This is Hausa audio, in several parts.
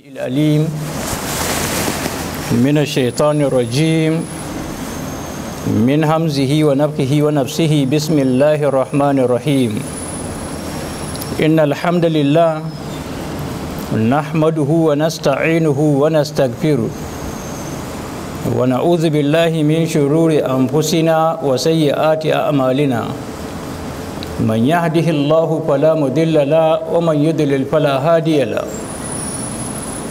الأليم من الشيطان الرجيم من همزه ونبكه ونفسه بسم الله الرحمن الرحيم إن الحمد لله نحمده ونستعينه ونستغفره ونعوذ بالله من شرور أنفسنا وسيئات أعمالنا من يهده الله فلا مضل له ومن يضلل فلا هادي له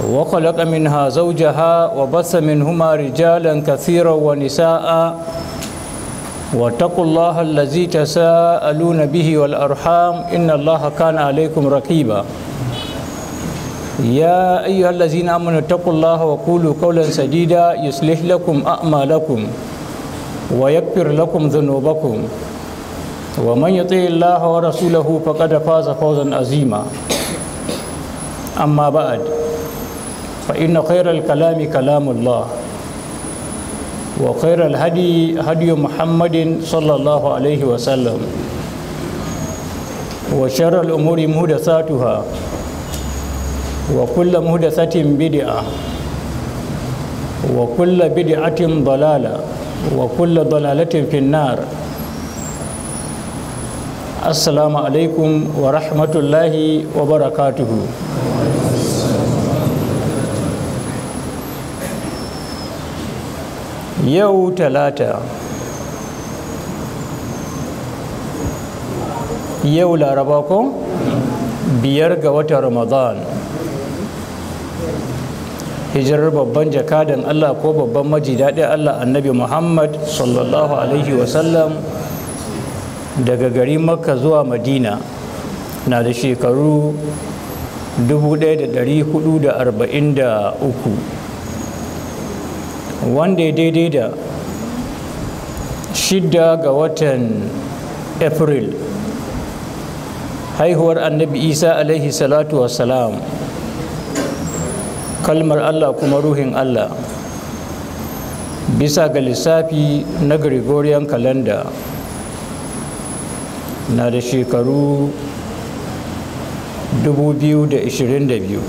وخلق منها زوجها وبث منهما رجالا كثيرا ونساء واتقوا الله الذي تساءلون به والأرحام إن الله كان عليكم رقيبا يا أيها الذين آمنوا اتقوا الله وقولوا قولا سديدا يصلح لكم أعمالكم ويغفر لكم ذنوبكم ومن يطيع الله ورسوله فقد فاز فوزا عظيما أما بعد فإن خير الكلام كلام الله وخير الهدي هدي محمد صلى الله عليه وسلم وشر الأمور مهدثاتها وكل مهدثة بدعة وكل بدعة ضلالة وكل ضلالة في النار السلام عليكم ورحمة الله وبركاته yau talata yau laraba ko biyar ga watan ramadan hijirar babban jakadan allah ko babban majidaɗin allah annabi muhammad sallallahu alaihi wasallam daga gari makka zuwa madina na da shekaru 1443 wanda ya daidai da shidda ga watan april haihuwar annabi isa alaihi salatu wassalam kalmar allah kuma ruhin allah bisa ga lissafi na gregorian calendar na da shekaru 2022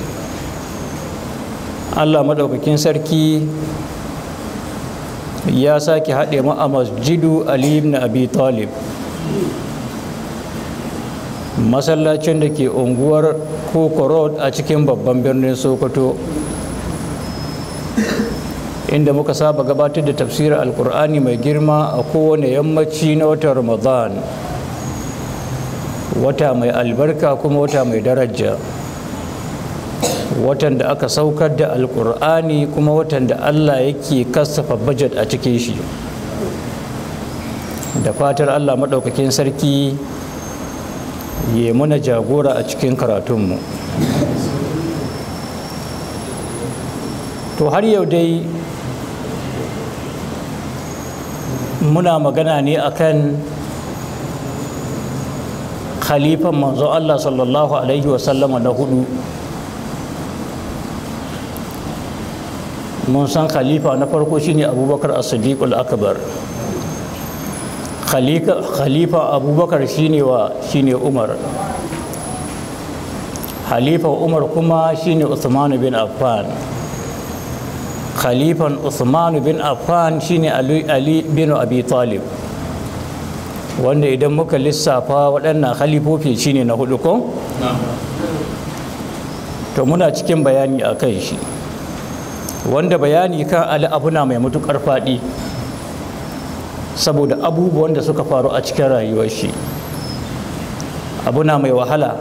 allah maɗaukakin sarki ya sake haɗe mu a masjidu ali ibn abi talib masallacin da ke unguwar koko road a cikin babban birnin sokoto inda muka saba gabatar da tafsirin alkur'ani mai girma a kowane yammaci na watan ramadan wata mai albarka kuma wata mai daraja watan da aka saukar da alkur'ani kuma watan da allah yake kasafa budget a cikin shi da fatar allah maɗaukakin sarki ya muna jagora a cikin karatunmu to har yau dai muna magana ne akan khalifan manzo allah sallallahu alaihi wasallama na hudu mun san khalifa na farko shine abubakar as-siddiq al-akbar khalifa abubakar shine wa shine umar khalifa umar kuma shine Usmanu bin affan khalifan Usmanu bin affan shine ali, ali bin abi talib wanda idan muka lissafa waɗannan khalifofi shine na hudu ko to muna cikin bayani a kan shi wanda bayani kan ali abuna mai matukar faɗi saboda abubuwan da suka faru a cikin rayuwar shi abuna mai wahala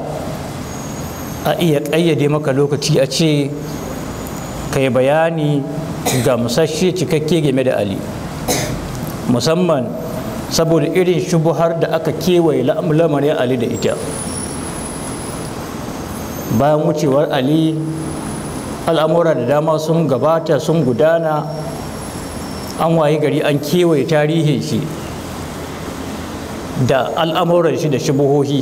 a iya ƙayyade maka lokaci a ce kai bayani gamsashe cikakke game da ali musamman saboda irin shubuhar da aka kewaye lamarin ali da ita bayan wucewar ali al'amura da dama sun gabata sun gudana an waye gari an kewaye tarihin shi da al'amuran shi da shubuhohi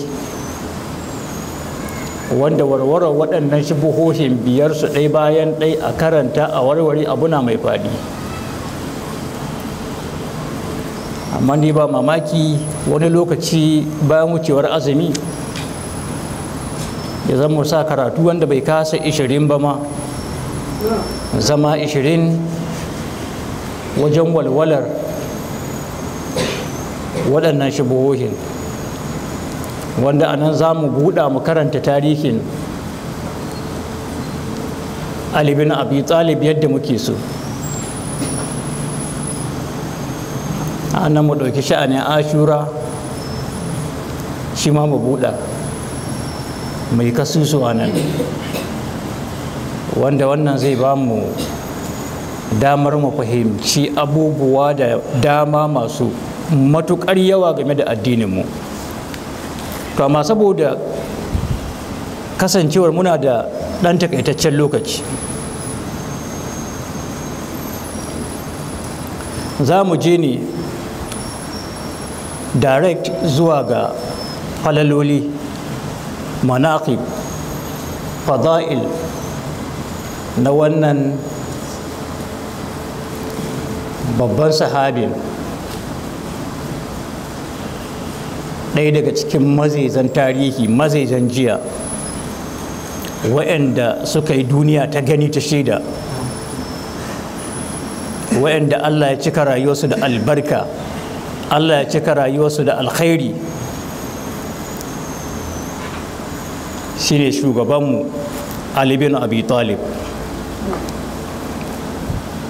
wanda warwarar waɗannan shubuhohin biyar su ɗai bayan ɗai a karanta a warware abuna mai faɗi amma ni ba mamaki wani lokaci bayan wucewar azumi ya zama sa karatu wanda bai kasa ishirin ba ma zama 20 wajen walwalar waɗannan shubuhohin wanda a nan za mu buɗa mu karanta tarihin alibin abi talib yadda muke so a nan mu ɗauki sha'anin ashura shi ma mu buɗa mai kasusuwa nan wanda wannan zai ba mu damar mu fahimci abubuwa da dama masu matuƙar yawa game da addininmu to amma saboda kasancewar muna da ɗan takaitaccen lokaci za mu je ne direct zuwa ga falaloli manaqib fada'il na wannan babban sahabin ɗaya daga cikin mazaizan tarihi mazaizan jiya waɗanda suka yi duniya ta gani ta shaida waɗanda Allah ya cika rayuwarsu da albarka Allah ya cika rayuwarsu da alkhairi shi ne shugabanmu Ali bin Abi Talib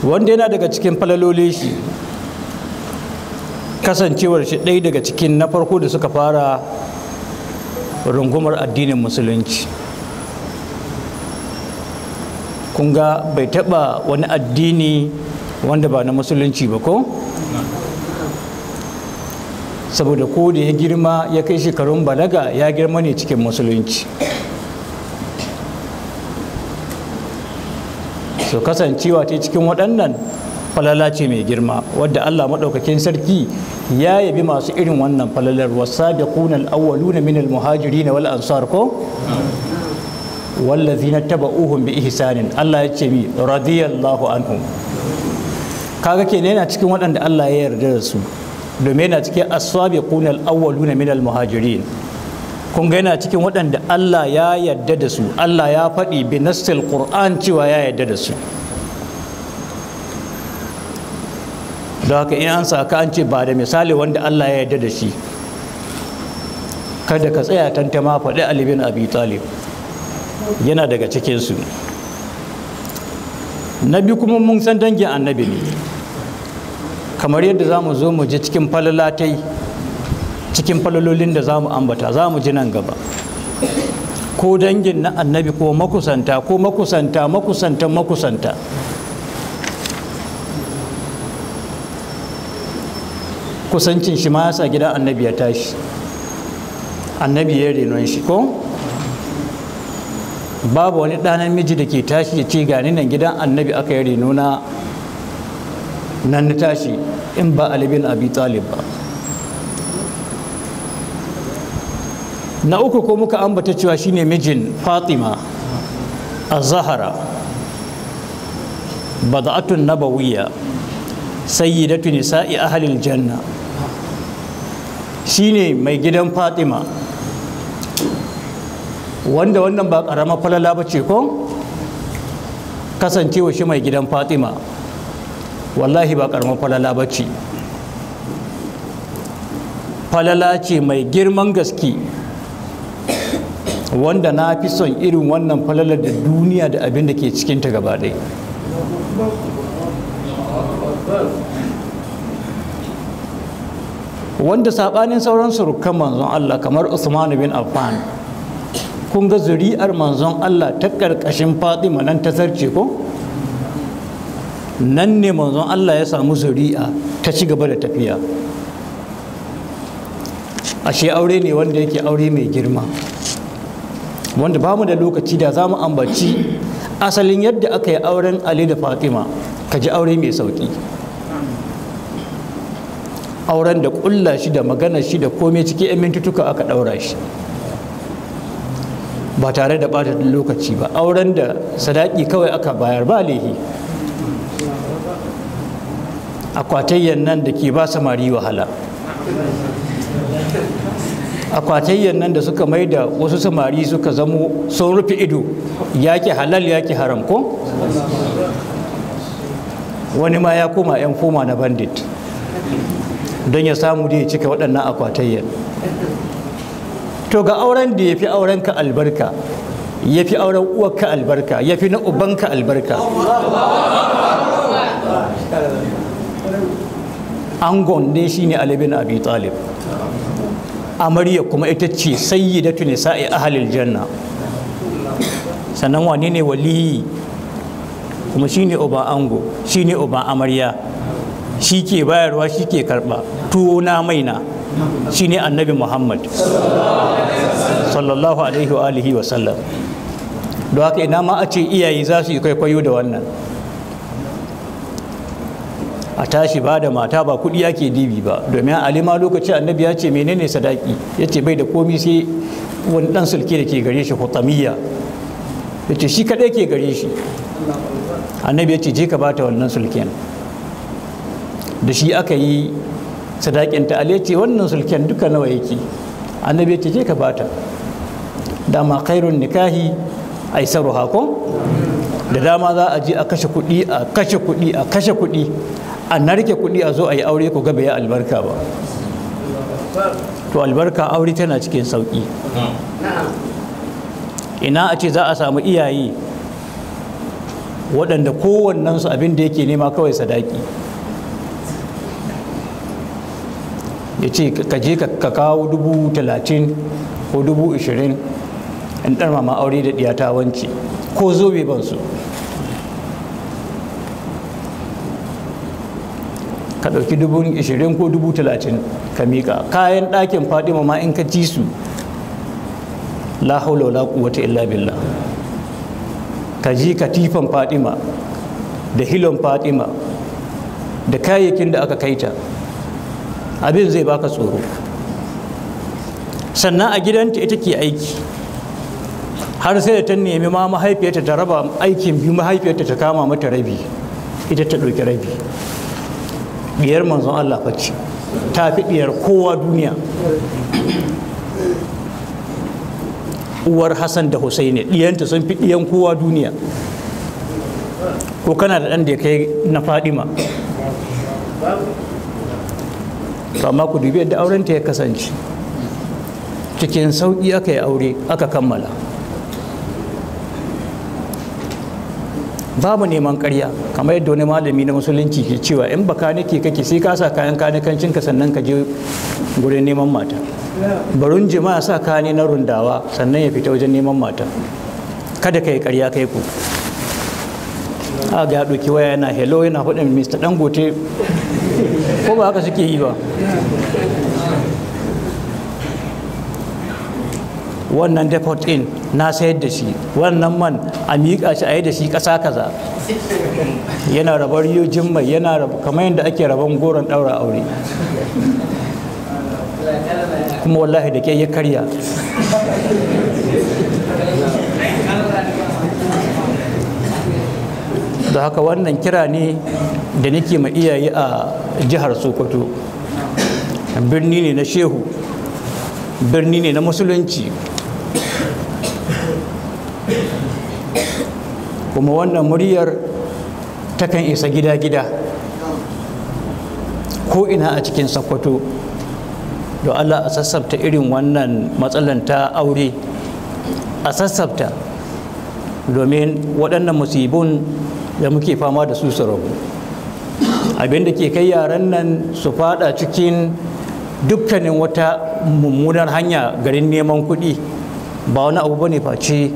wanda yana daga cikin falaloli shi kasancewar shi ɗaya daga cikin na farko da suka fara rungumar addinin musulunci kunga bai taɓa wani addini wanda ba na musulunci ba ko saboda ko da ya girma ya kai shekarun balaga ya girma ne cikin musulunci to kasancewa ta cikin waɗannan falala ce mai girma wadda Allah maɗaukakin sarki ya yabi masu irin wannan falalar da al-awwaluna na minal muhajiri na ansar ko na taba uhun bi ihsanin Allah ya ce mi radiyallahu anhum kaga ne yana cikin waɗanda Allah ya yarda da su domin na cikin as-sabiquna al na minal, muhajiri. muhajirin kun ga yana cikin waɗanda Allah ya yarda da su Allah ya faɗi bi nassil Qur'an cewa ya yarda da su da haka in an saka an ce ba da misali wanda Allah ya yarda da shi kada ka tsaya tantama faɗi Ali bin Abi Talib yana daga cikinsu nabi kuma mun san dangin annabi ne kamar yadda za mu zo mu ji cikin falalatai cikin falalolin da za mu ambata za mu ji nan gaba ko dangin na annabi ko makusanta ko makusanta makusanta makusanta kusancin shi ma yasa gidan annabi ya tashi annabi ya renon shi ko babu wani ɗanan namiji da ke tashi ya ce gani nan gidan annabi aka yi renona nan na tashi in ba alibin abi talib ba na uku ko muka ambata cewa shine mijin fatima a zahara bada'atun nabawiyya sayyidatu nisa'i halin janna shine mai gidan fatima wanda wannan ba ƙarama falala ba ko kasancewa shi mai gidan fatima wallahi ba ƙarama falala bace. falala ce mai girman gaske wanda na fi son irin wannan falalar da duniya da abin da ke cikinta gaba ɗaya wanda saɓanin sauran surukan manzon Allah kamar Usman bin Affan kun ga zuri'ar manzon Allah ta ƙarƙashin Fatima nan ta sarce ko nan ne manzon Allah ya samu zuri'a ta ci gaba da tafiya ashe aure ne wanda yake aure mai girma wanda ba mu da lokaci da za mu ambaci asalin yadda aka yi auren ali da fatima ka ji aure mai sauƙi auren da ƙulla shi da magana shi da komai ciki 'yan mintutuka aka ɗaura shi ba tare da ɓata lokaci ba auren da sadaki kawai aka bayar ba lehi akwatayyan nan da ke ba samari wahala akwatayyan nan da suka mai da wasu samari suka zamo sun rufe ido ya ke halal yaki haram ko wani ma ya koma 'yan koma na bandit don ya samu da ya cika waɗannan akwatayyan to ga auren da ya fi ka albarka ya fi auren uwarka albarka ya fi na ubanka albarka angon ne shine ali bin abi talib amarya kuma ita ce sayyidatu nisa'i ahlil janna sannan wane ne waliyi kuma shine Oba ango shine uba amarya shi ke bayarwa shi ke karba tuwo na maina shine annabi muhammad sallallahu alaihi wa wa sallam don haka ina ma a ce iyaye za su yi kwaikwayo da wannan a tashi ba da mata ba kuɗi ake dibi ba domin alima lokaci annabi ya ce menene sadaki ya ce bai da komi sai wani dan sulke da ke gare shi hutamiya ya ce shi kaɗai ke gare shi annabi ya ce je ka bata wannan sulken da shi aka yi sadakin ta ya ce wannan sulken duka nawa yake annabi ya ce je ka bata dama khairun nikahi aisaru hakon da dama za a je a kashe kuɗi a kashe kuɗi a kashe kuɗi a rike kuɗi a zo a yi aure ku gabe ya albarka ba to albarka aure tana cikin sauki ina a ce za a samu iyaye waɗanda kowannensu abin da yake nema kawai sadaki ya ce ka je ka kawo dubu talatin ko dubu ashirin in ɗarmama aure da ɗiyata wance ko zobe bansu su Dauki ɗauki dubu ishirin ko dubu talatin ka miƙa kayan ɗakin fadima ma in ka ci su la haula la quwwata illa billah ka ji katifan fadima da hilon fatima da kayayyakin da aka kaita abin zai baka tsoro sannan a gidanta ita ke aiki har sai da ta nemi ma mahaifiyarta ta raba aikin biyu mahaifiyarta ta kama mata rabi ita ta ɗauki rabi biyar manzon Allah face ta fi biyar kowa duniya uwar Hassan da ne diyanta sun fi diyan kowa duniya ko kana da ɗan da ya kai na fadima amma ku dubi yadda aurenta ya kasance cikin sauƙi aka yi aure aka kammala babu neman karya kamar yadda wani malami na musulunci ke cewa in baka nake kake sai ka sa kayan kanikancin ka sannan ka je gurin neman mata barun jima'a sa kane na rundawa sannan ya fita wajen neman mata kada ka yi karya kai ku a ga ɗauki waya yana hello yana faɗin mr dangote ko ba haka suke yi ba wannan deport in na sayar da shi wannan man a miƙa shi a yi da shi ƙasa kaza yana rabar yiwu jimmai yana kamar yadda ake rabon goron ɗaura aure kuma wallahi da ke ya karya da haka wannan kira ne da nake ma iyaye a jihar sokoto birni ne na shehu birni ne na musulunci kuma wannan muryar takan isa gida-gida ko ina a cikin sakwato da allah a sassabta irin wannan matsalan ta aure a sassabta domin waɗannan musibin da muke fama da su su rabu abin da ke kai yaran nan su fada cikin dukkanin wata mummunar hanya garin neman kuɗi ba wani abu bane face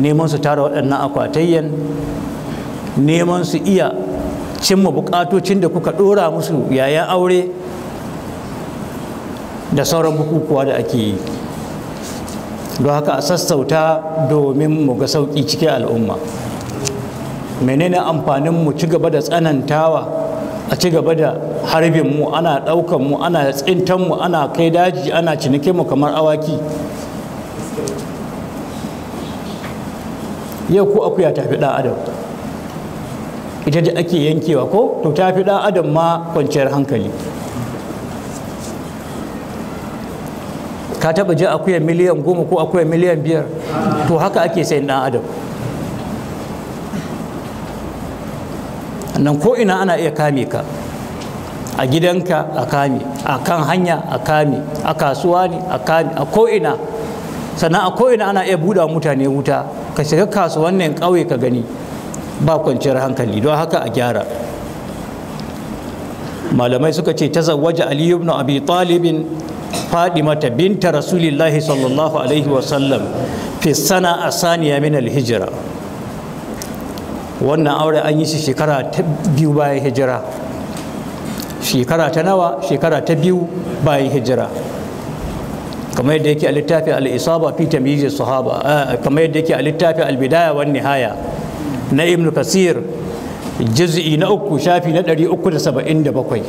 neman su tara waɗannan akwatayyan neman su iya cimma bukatocin da kuka ɗora musu yayan aure da sauran bukukuwa da ake yi don haka a sassauta domin mu ga sauƙi cikin al'umma menene amfanin mu ci gaba da tsanantawa a ci gaba da harbin mu ana ɗaukan mu ana tsintan mu ana kai daji ana cinike mu kamar awaki yau ko akuya ta fi adam ita da ake yankewa ko to ta fi adam ma kwanciyar hankali ka taɓa ji akuya miliyan goma ko akuya miliyan biyar to haka ake sayin ɗan adam nan ko ina ana iya kame ka a gidanka a kame a kan hanya a kame a kasuwa ne a kame a ko'ina sannan a ko'ina ana iya buɗa mutane wuta ka shiga kasuwannin ƙauye ka gani ba kwanciyar hankali don haka a gyara malamai suka ce ta zawaja ali ibn abi talibin fadimata binta rasulillahi sallallahu alaihi wasallam fi sana asaniya min alhijira wannan aure an yi shi shekara ta biyu bayan hijira shekara ta nawa shekara ta biyu bayan hijira kamar yadda yake a littafi al-isaba fi tamyiz sahaba kamar yadda yake a littafi al-bidaya wan nihaya na ibn kasir juz'i na uku shafi na 377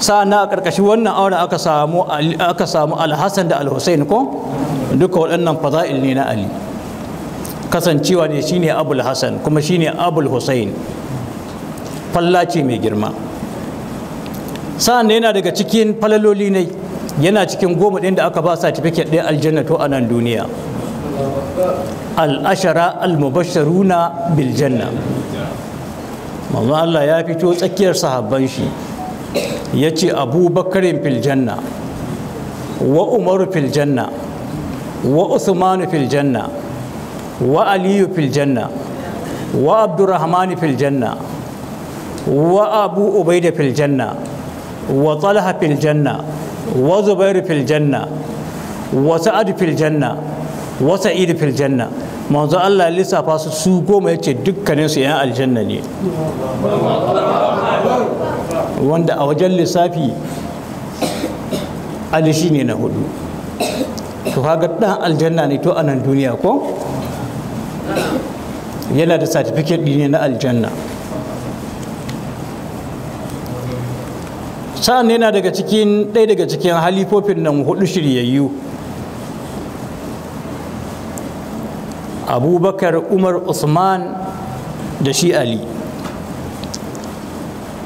sa'ana a karkashin wannan auren aka samu aka samu al-hasan da al-husain ko duka waɗannan fada'il ne na ali kasancewa ne shine abul hasan kuma shine abul husain fallaci mai girma sa'an na yana daga cikin falaloli ne yana cikin goma ɗin da aka ba certificate ɗin aljanna to a nan duniya al'ashara al-mubasharuna biljanna manzo Allah ya fito tsakiyar sahabban shi ya ce Abu abubakarin filjanna wa umaru filjanna wa usmanu filjanna wa aliyu filjanna wa abdurrahmanu filjanna wa abu ubaida filjanna wa talha fil janna wa zubairu fil janna wa sa'adu fil janna wa sa'idu fil janna manzo Allah ya lissafa su su goma yace dukkanin su yan aljanna ne wanda a wajen lissafi ali ne na hudu to kaga dan aljanna ne to a nan duniya ko yana da certificate ne na aljanna sa'an yana daga cikin ɗaya daga cikin halifofin nan hudu shiryayyu abubakar umar usman da shi ali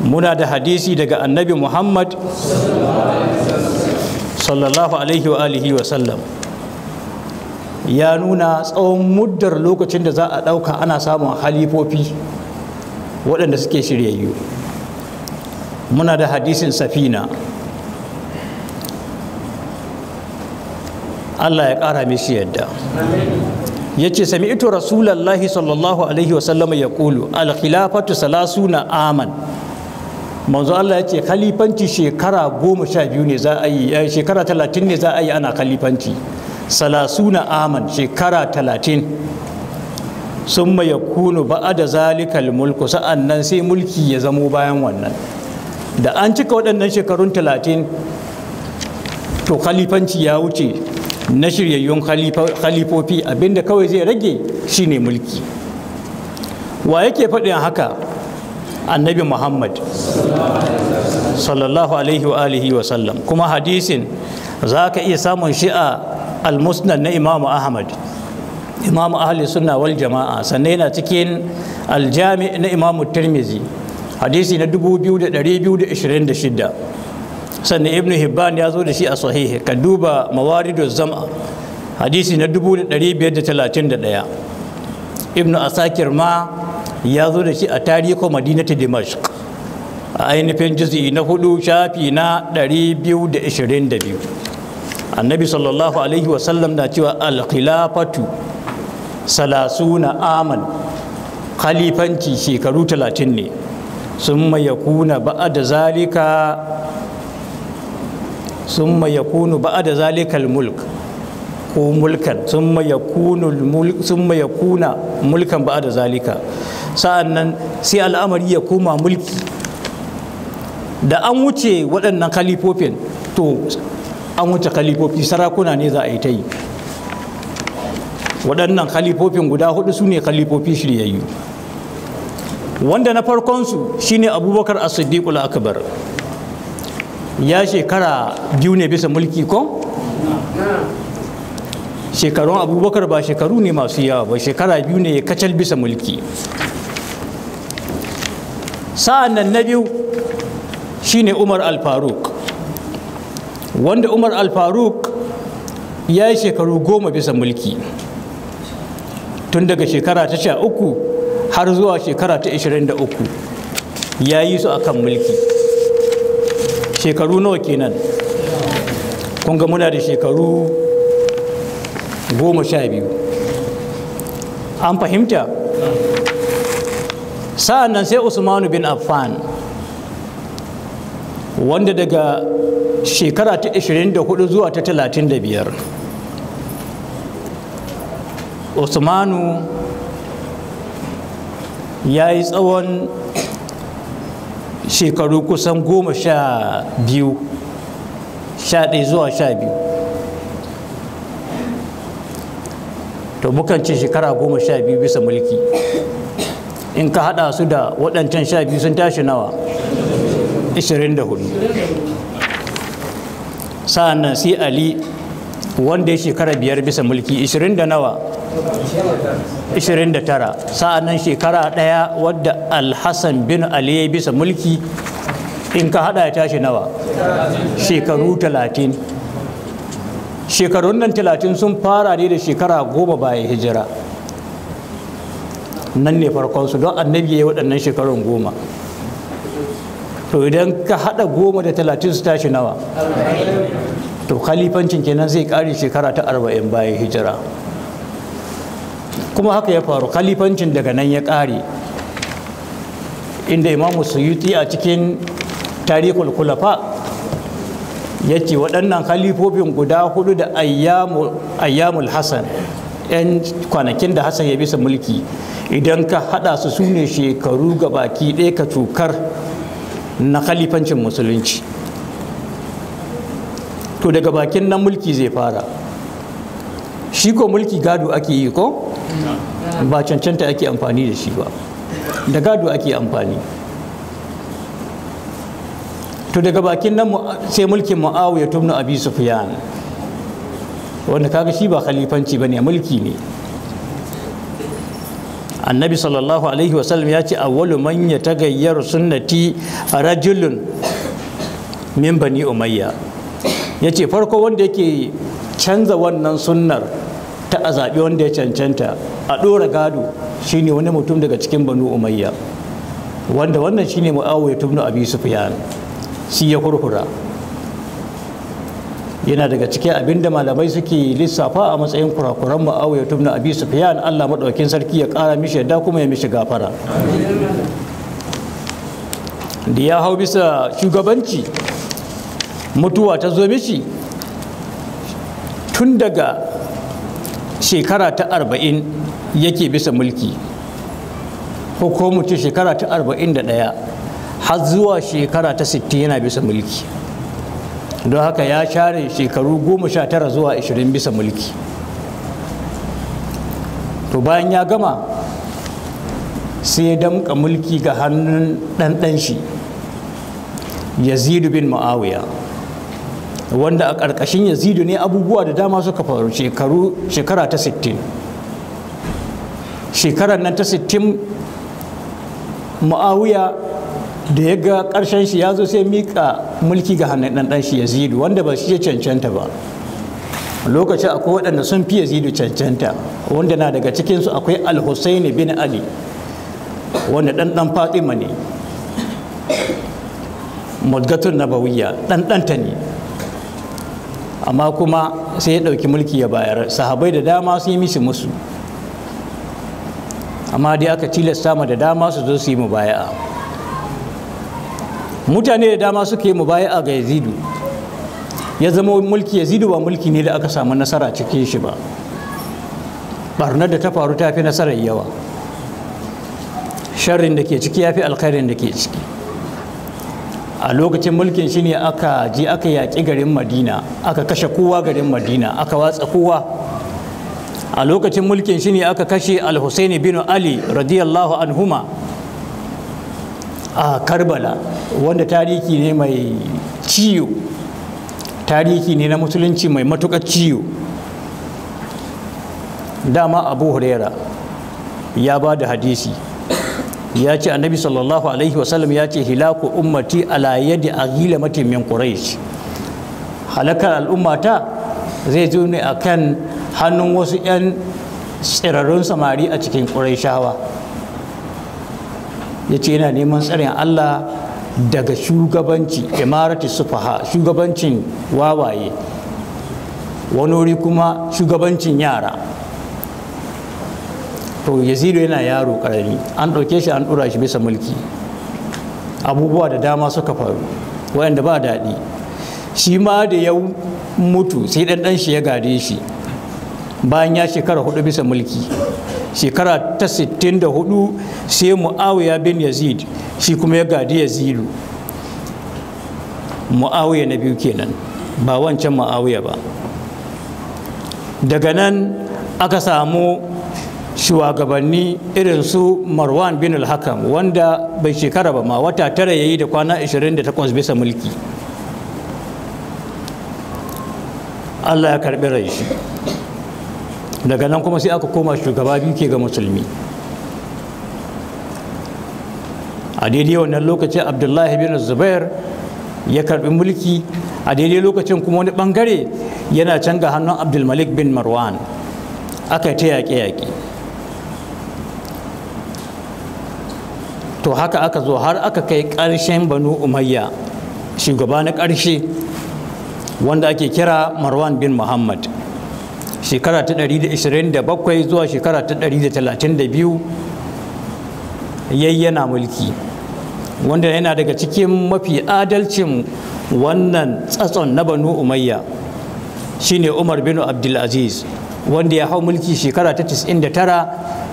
muna da hadisi daga annabi muhammad sallallahu alaihi wa alihi wa sallam ya nuna tsawon muddar lokacin da za a ɗauka ana samun halifofi waɗanda suke shiryayyu muna da hadisin safina Allah ya ƙara mishi yadda ya ce sami ito rasulallahi sallallahu alaihi wasallam ya kulu alkhilafatu salasuna aman manzo Allah ya ce khalifanci shekara goma sha biyu ne za a yi eh, shekara talatin ne za a yi ana khalifanci salasuna aman shekara talatin sun ya kunu ba'a da zalikal mulku sa'an nan sai mulki ya zamo bayan wannan da an cika waɗannan shekarun talatin to khalifanci ya wuce na shiryayyun khalifofi abinda kawai zai rage shine mulki wa yake faɗin haka annabi muhammad sallallahu alaihi wa alihi wa sallam kuma hadisin za ka iya samun shi a almusnad na imamu ahmad imamu ahli sunna wal jama'a sannan yana cikin aljami na imamu tirmizi hadisi na 2226 sannan ibn hibban ya zo da shi a sahihi ka duba mawaridu zama hadisi na 1531 ibn asakir ma ya zo da shi a tarihin madinati dimashq a ainihin jizi na hudu shafi na 222 annabi sallallahu alaihi wasallam na cewa alkhilafatu salasuna aman khalifanci shekaru talatin ne summa yakuna ba'da zalika summa yakunu ba'da zalika al-mulk ko mulkan summa yakunu mulk summa yakuna mulkan ba'da zalika sa'annan sai al'amari ya koma mulki da an wuce waɗannan kalifofin to an wuce kalifofi sarakuna ne za a yi ta yi waɗannan kalifofin guda hudu su ne kalifofi shiryayyu wanda na farkon su shine abubakar a siddiqul akbar ya shekara biyu ne bisa mulki ko shekarun abubakar ba shekaru ne masu yawa ba shekara biyu ne kacal bisa mulki sa'an nan na biyu shine umar al-faruk wanda umar al-faruk ya yi shekaru goma bisa mulki tun daga shekara ta sha uku har zuwa shekara ta 23 ya yi su akan mulki shekaru nawa kenan kun ga muna da shekaru goma sha biyu an fahimta sa'an nan sai usmanu bin affan wanda daga shekara ta 24 zuwa ta 35 usmanu ya yi tsawon shekaru kusan goma sha biyu sha ɗaya zuwa sha biyu to mukan ce shekara goma sha biyu bisa mulki in ka haɗa su da waɗancan sha biyu sun tashi nawa 24 sa'an nan si ali wanda ya shekara biyar bisa mulki 20 da nawa 29 sa'a nan shekara ɗaya wadda alhassan bin ali ya bisa mulki in ka hada ya tashi nawa shekaru 30 shekarun nan 30 sun fara ne da shekara goma bayan hijira nan ne farkonsu don annabi ya yi waɗannan shekarun goma to idan ka hada goma da 30 su tashi nawa to khalifancin kenan zai ƙare shekara ta 40 bayan hijira kuma haka ya faru khalifancin daga nan ya kare, inda imamu suyuti a cikin tarihul kulafa ya ce waɗannan khalifofin guda hudu da ayyamul hassan 'yan kwanakin da Hassan ya bisa mulki idan ka hada su sune ne shekaru baki ɗaya ka cukar na khalifancin musulunci to daga bakin nan mulki zai fara shi ko mulki gado ake yi ko ba cancanta ake amfani da shi ba da gado ake amfani to daga bakin nan sai mulkin ya tumna abi sufyan wanda kaga shi ba khalifanci bane mulki ne annabi sallallahu alaihi wasallam ya ce awwalu man tagayyar sunnati rajulun min bani umayya ya ce farko wanda yake canza wannan sunnar ta a zaɓi wanda ya cancanta a ɗora gado shine wani mutum daga cikin banu umayya wanda wannan shine mu'awiyah abin abi sufyan shi ya kurkura yana daga cikin abin da malamai suke lissafa a matsayin kurakuran mu'awiyah ibn abi sufyan Allah maɗaukin sarki ya kara mishi yadda kuma ya mishi gafara da ya hau bisa shugabanci mutuwa ta zo mishi tun daga shekara ta arba'in yake bisa mulki ko ko mutum shekara ta arba'in da ɗaya har zuwa shekara ta sittin yana bisa mulki don haka ya share shekaru goma sha tara zuwa ashirin bisa mulki to bayan ya gama sai ya damka mulki ga hannun ɗanɗan shi yazidu bin ma'awiya wanda a ƙarƙashin yazidu ne abubuwa da dama suka faru shekaru shekara ta 60 shekarar nan ta 60 ma'awiya da ya ga ƙarshen shi ya zo sai mika mulki ga hannun ɗan shi yazidu wanda ba shi ya cancanta ba lokacin akwai waɗanda sun fi yazidu cancanta wanda na daga cikinsu akwai al bin ali wanda ɗanɗan ɗan fatima ne mudgatun nabawiyya ɗanɗanta ne amma kuma sai ya ɗauki mulki ya bayar sahabai da dama su yi mishi musu amma dai aka tilasta ma da dama su zo su yi mubaya'a mutane da dama suka yi mubaya'a ga yazidu ya zama mulki yazidu ba mulki ne da aka samu nasara cikin shi ba Ɓarnar da ta faru ta fi nasarar yawa sharrin da ke ciki ya fi alkhairin da ke ciki a lokacin mulkin shi ne aka je aka yaƙi garin madina aka kashe kowa garin madina aka watsa kowa a lokacin mulkin shi ne aka kashe al-husaini bin ali radiyallahu anhuma a karbala wanda tarihi ne mai ciyo Tariki ne na musulunci mai matuƙar ciyo dama abu huraira ya ba da hadisi ya ce annabi sallallahu alaihi wasallam ya ce hilaku ummati ala yadi aghila matin min quraish halakar al'ummata zai zo ne kan hannun wasu 'yan tsirarrun samari a cikin kuraishawa ya ce yana neman tsarin allah daga shugabanci imarati sufaha shugabancin wawaye wani wuri kuma shugabancin yara to yazidu yana yaro karami an ɗauke shi an ɗura shi bisa mulki abubuwa da dama suka faru wayanda ba daɗi shi ma da ya mutu sai ɗan shi ya gade shi bayan ya shekara hudu bisa mulki shekara ta 64 sai mu'awiya bin yazid shi kuma ya gadi yazidu mu'awiya na biyu kenan ba wancan mu'awiya ba daga nan aka samu shugabanni irin su marwan bin al wanda bai shekara ba ma wata tara yayi da kwana 28 bisa mulki allah ya karbi rai shi daga nan kuma sai aka koma shugaba biyu ke ga musulmi a daidai wannan lokacin abdullahi bin zubair ya karbi mulki a daidai lokacin kuma wani bangare yana canza hannun abdulmalik bin marwan aka yi ta yaƙe-yaƙe to haka aka zo har aka kai ƙarshen banu umayya shugaba na ƙarshe wanda ake kira marwan bin muhammad shekara ta 127 zuwa shekara ta 132 yayyana mulki wanda yana daga cikin mafi adalcin wannan tsatson na banu umayya shine umar bin abdulaziz wanda ya hau mulki shekara ta 99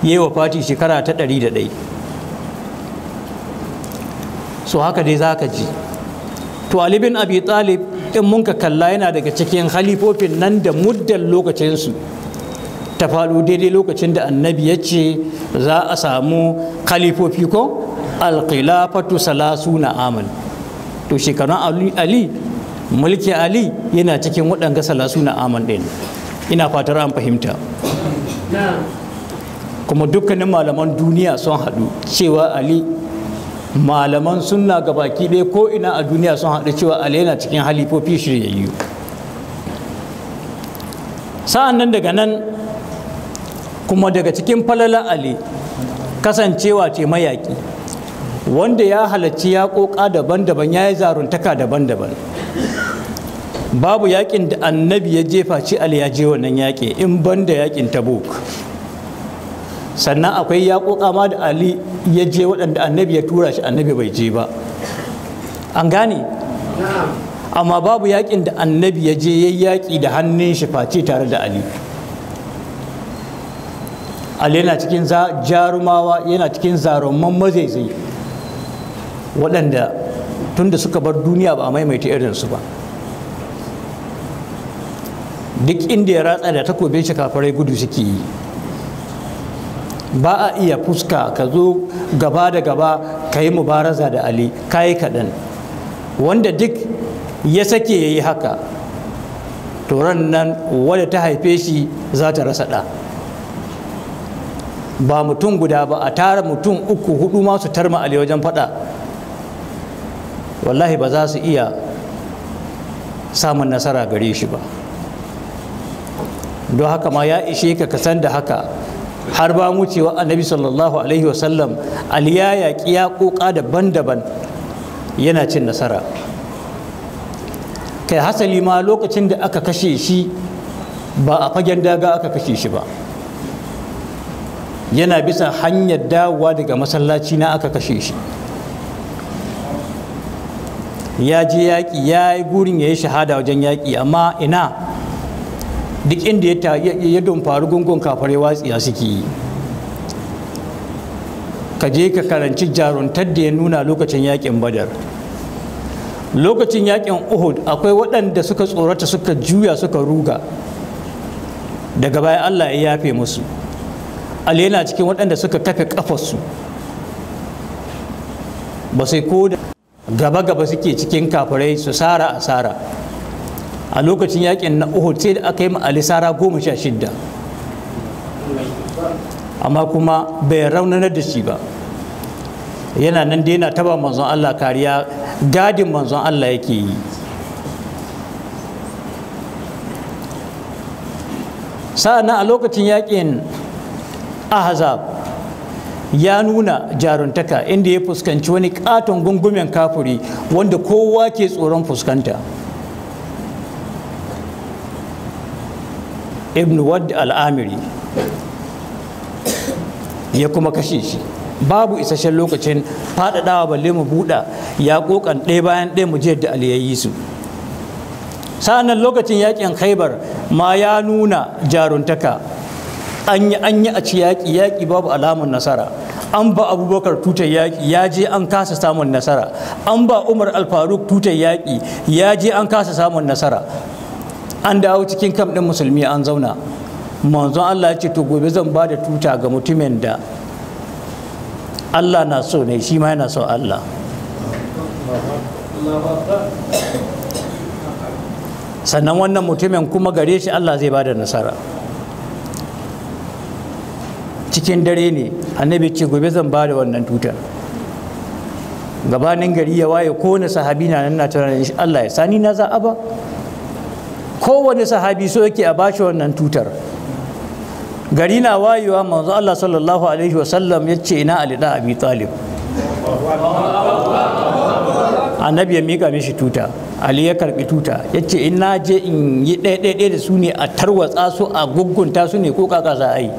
ya yi wa fati shekara ta 101 so haka dai za ka ji to ali bin abi talib in mun ka kalla yana daga cikin halifofin nan da muddan lokacinsu ta faɗo daidai lokacin da annabi ya ce za a samu khalifofi ko salasu na amal to shekarun ali mulki ali yana cikin waɗanga na amal ɗin ina fatar an fahimta kuma dukkanin malaman duniya sun haɗu cewa ali malaman sunna ga baki ɗaya ko ina a duniya sun haɗu cewa ali yana cikin halifofi shiryayyu sa'an nan daga nan kuma daga cikin falala ali kasancewa ce mayaƙi wanda ya halarci yaƙoƙa daban-daban ya yi zaruntaka daban-daban babu yaƙin da annabi ya jefa ci ali ya je wannan yaƙi in banda yaƙin tabuk sannan akwai yaƙoƙa ma da ali ya je waɗanda annabi ya tura shi annabi bai je ba an gane amma babu yaƙin da annabi ya je ya yaƙi da hannun shi face tare da ali ali yana cikin jarumawa yana cikin zaruman mazaizai waɗanda tun da suka bar duniya ba a maimaita irinsu ba duk inda ya ratsa da takobin shi kafarai gudu suke yi ba a iya fuska ka zo gaba da gaba ka yi mubaraza da ali ka yi kaɗan wanda duk ya sake ya yi haka turan nan wadda ta haife shi za ta rasa ɗa ba mutum guda ba a tara mutum uku hudu masu tarma ali wajen faɗa wallahi ba za su iya samun nasara gare shi ba don haka ma ya ishe ka san da haka har ba mu cewa annabi sallallahu alaihi wasallam ali ya kiya yaƙoƙa daban-daban yana cin nasara kai hasali ma lokacin da aka kashe shi ba a fagen daga aka kashe shi ba yana bisa hanyar dawowa daga masallaci na aka kashe shi ya je yaƙi ya yi burin ya yi shahada wajen yaƙi amma ina duk inda ya don faru gungun kafare watsiya suke yi ka je ka karanci jaruntar da ya nuna lokacin yakin badar lokacin yakin uhud akwai waɗanda suka tsorata suka juya suka ruga daga baya allah ya yafe musu ali yana cikin waɗanda suka kafe ƙafarsu ba sai ko da gaba-gaba suke cikin kafirai su sara asara a lokacin yakin na uhud sai da aka yi alisara goma sha shidda amma kuma bai raunanar da shi ba yana nan dai yana taba manzon Allah kariya gadin manzon Allah yake yi sa'annan a lokacin yakin ahzab ya nuna jaruntaka inda ya fuskanci wani katon gungumen kafuri wanda kowa ke tsoron fuskanta ibn wad al'amiri ya kuma kashe shi babu isasshen lokacin faɗaɗawa balle mu buɗa ya ƙoƙan ɗaya bayan ɗaya mu je da aliyayi su sa'annan lokacin yaƙin khaibar ma ya nuna jaruntaka an yi an a ci yaƙi yaƙi babu alamun nasara an ba abubakar tutar yaƙi ya je an kasa samun nasara an ba umar alfaruk tutar yaƙi ya je an kasa samun nasara an dawo cikin kam ɗin musulmi an zauna manzon Allah ya ce to gobe zan ba da tuta ga mutumin da Allah na so ne shi ma yana so Allah sannan wannan mutumin kuma gare shi Allah zai ba da nasara cikin dare ne annabi ce gobe zan ba da wannan tutar gabanin gari ya waye ko sahabi na nan na tunanin Allah ya sani na za'a ba kowane sahabi so yake a bashi wannan tutar gari na wayewa manzo Allah sallallahu alaihi sallam ya ce ina Ali da Abi Talib annabi ya mika mishi tuta Ali ya karbi tuta ya ce in na je in yi ɗaya da su ne a tarwatsa su a gugunta su ne ko kaka za a yi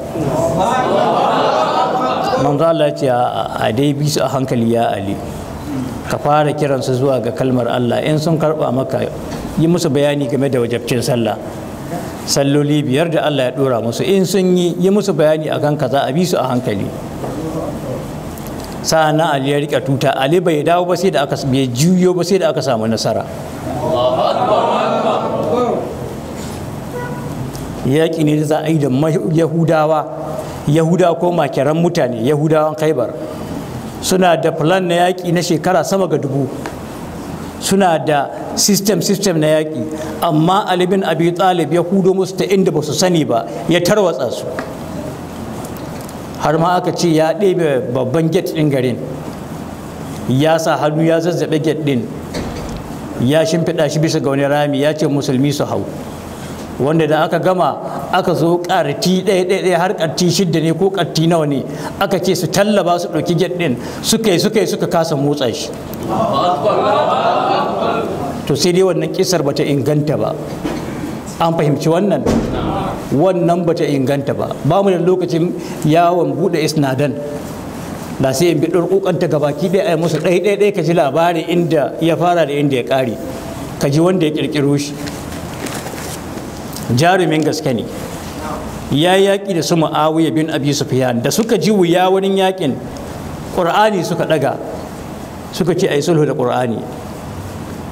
manzo Allah ce a dai bi su a hankali ya Ali ka fara kiransu zuwa ga kalmar Allah in sun karba maka yi musu bayani game da wajabcin sallah salloli biyar da Allah ya dora musu in sun yi yi musu bayani akan kaza a bi su a hankali sa'annan Ali ya rika tuta Ali bai dawo ba sai da aka bai juyo ba sai da aka samu nasara yaƙi ne da za a yi da yahudawa Yahuda ko makiran mutane yahudawan kaibar suna da plan na yaƙi na shekara sama ga dubu suna da system system na yaki amma Ali bin Abi Talib ya hudo musu ta inda ba su sani ba ya tarwatsa su har ma aka ce ya ɗebe babban gate ɗin garin ya sa hannu ya zazzaɓe gate ɗin ya shimfiɗa shi bisa ga wani rami ya ce musulmi su hau wanda da aka gama aka zo ƙarti ɗaya ɗaya har ƙarti shidda ne ko ƙarti nawa ne aka ce su tallaba su ɗauki get ɗin suka yi suka yi suka kasa motsa shi to sai dai wannan kisar bata inganta ba an fahimci wannan wannan bata inganta ba ba mu da lokacin yawon bude isnadan da sai in bi ɗurƙuƙan ga gabaki ɗaya a musu ɗaya ɗaya ka ji labari inda ya fara da inda ya ƙare ka ji wanda ya ƙirƙiro shi jarumin gaske ne ya yaƙi da su mu'awiya bin abi sufyan da suka ji wuya wani yaƙin ƙur'ani suka ɗaga suka ce a yi sulhu da ƙur'ani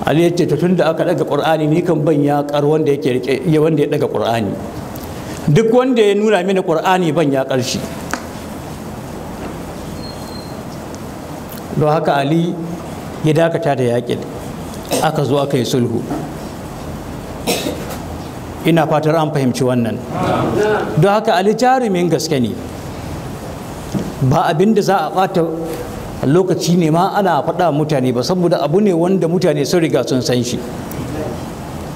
ali yace to tunda aka daga qur'ani ni kan ban ya kar wanda yake rike ya wanda ya daga qur'ani duk wanda ya nuna mini qur'ani ban ya karshi don haka ali ya dakata da yaƙin, aka zo aka yi sulhu ina fatar an fahimci wannan don haka ali jarumin gaske ne ba abinda za a ɓata lokaci ne ma ana faɗa mutane ba saboda abu ne wanda mutane sun riga sun san shi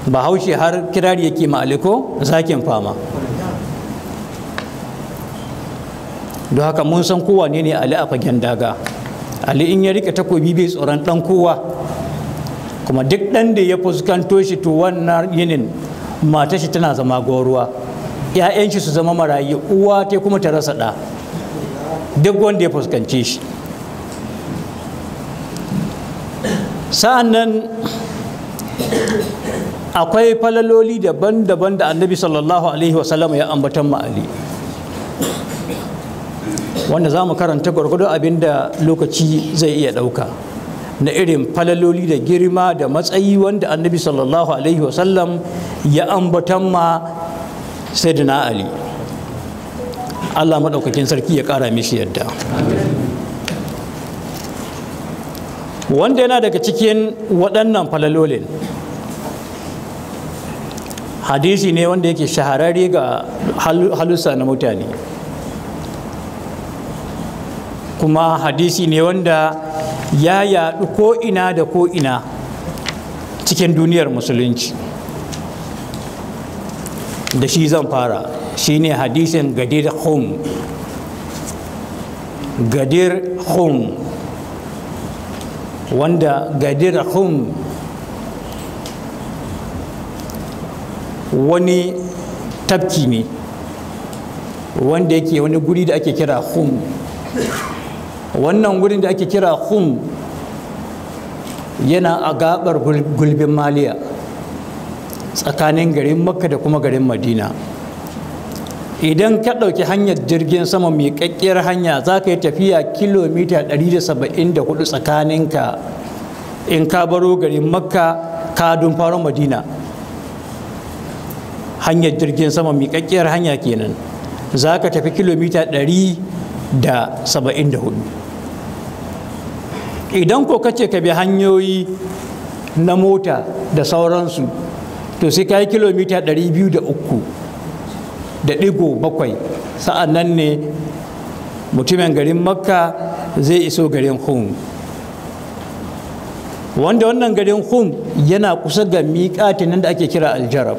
bahaushe har kirari yake ma'aliko zakin fama don haka mun san kowa ne ne ali a fagen daga ali in ya rika takobi bai tsoron dan kowa kuma duk dan da ya fuskanto shi to wannan yinin matar shi tana zama goruwa ‘ya'yan shi su zama marayu uwa ta kuma ta rasa ɗa duk wanda ya fuskance shi sa'an akwai falaloli daban-daban da annabi sallallahu alaihi wasallam ya ambatan ma'ali wanda za mu karanta gwargwado abin da lokaci zai iya ɗauka na irin falaloli da girma da matsayi wanda annabi sallallahu alaihi wasallam ya ambatan ma sayyidina ali allah maɗaukakin sarki ya ƙara mishi yadda wanda yana daga cikin waɗannan falalolin hadisi ne wanda yake shahararri ga halusa na mutane kuma hadisi ne wanda ya yaɗu ko'ina da ko'ina cikin duniyar musulunci da shi zan fara shine hadisin gadir hum gadir hum wanda hum wani tafki ne wanda yake wani guri da ake kira hum wannan gurin da ake kira hum yana a gabar gulbin maliya tsakanin garin makka da kuma garin madina idan ka ɗauki hanyar jirgin sama mai ƙaƙƙiyar hanya za ka yi tafiya kilomita 174 tsakaninka in ka baro garin makka ka faro madina hanyar jirgin sama mai ƙaƙƙiyar hanya kenan za ka tafi kilomita 174 idan ko kace ka bi hanyoyi na mota da sauransu to sai ka yi kilomita 203 da ɗigo bakwai sa'an nan ne mutumin garin makka zai iso garin Hun, wanda wannan garin Hun yana kusa ga miƙatin nan da ake kira aljarab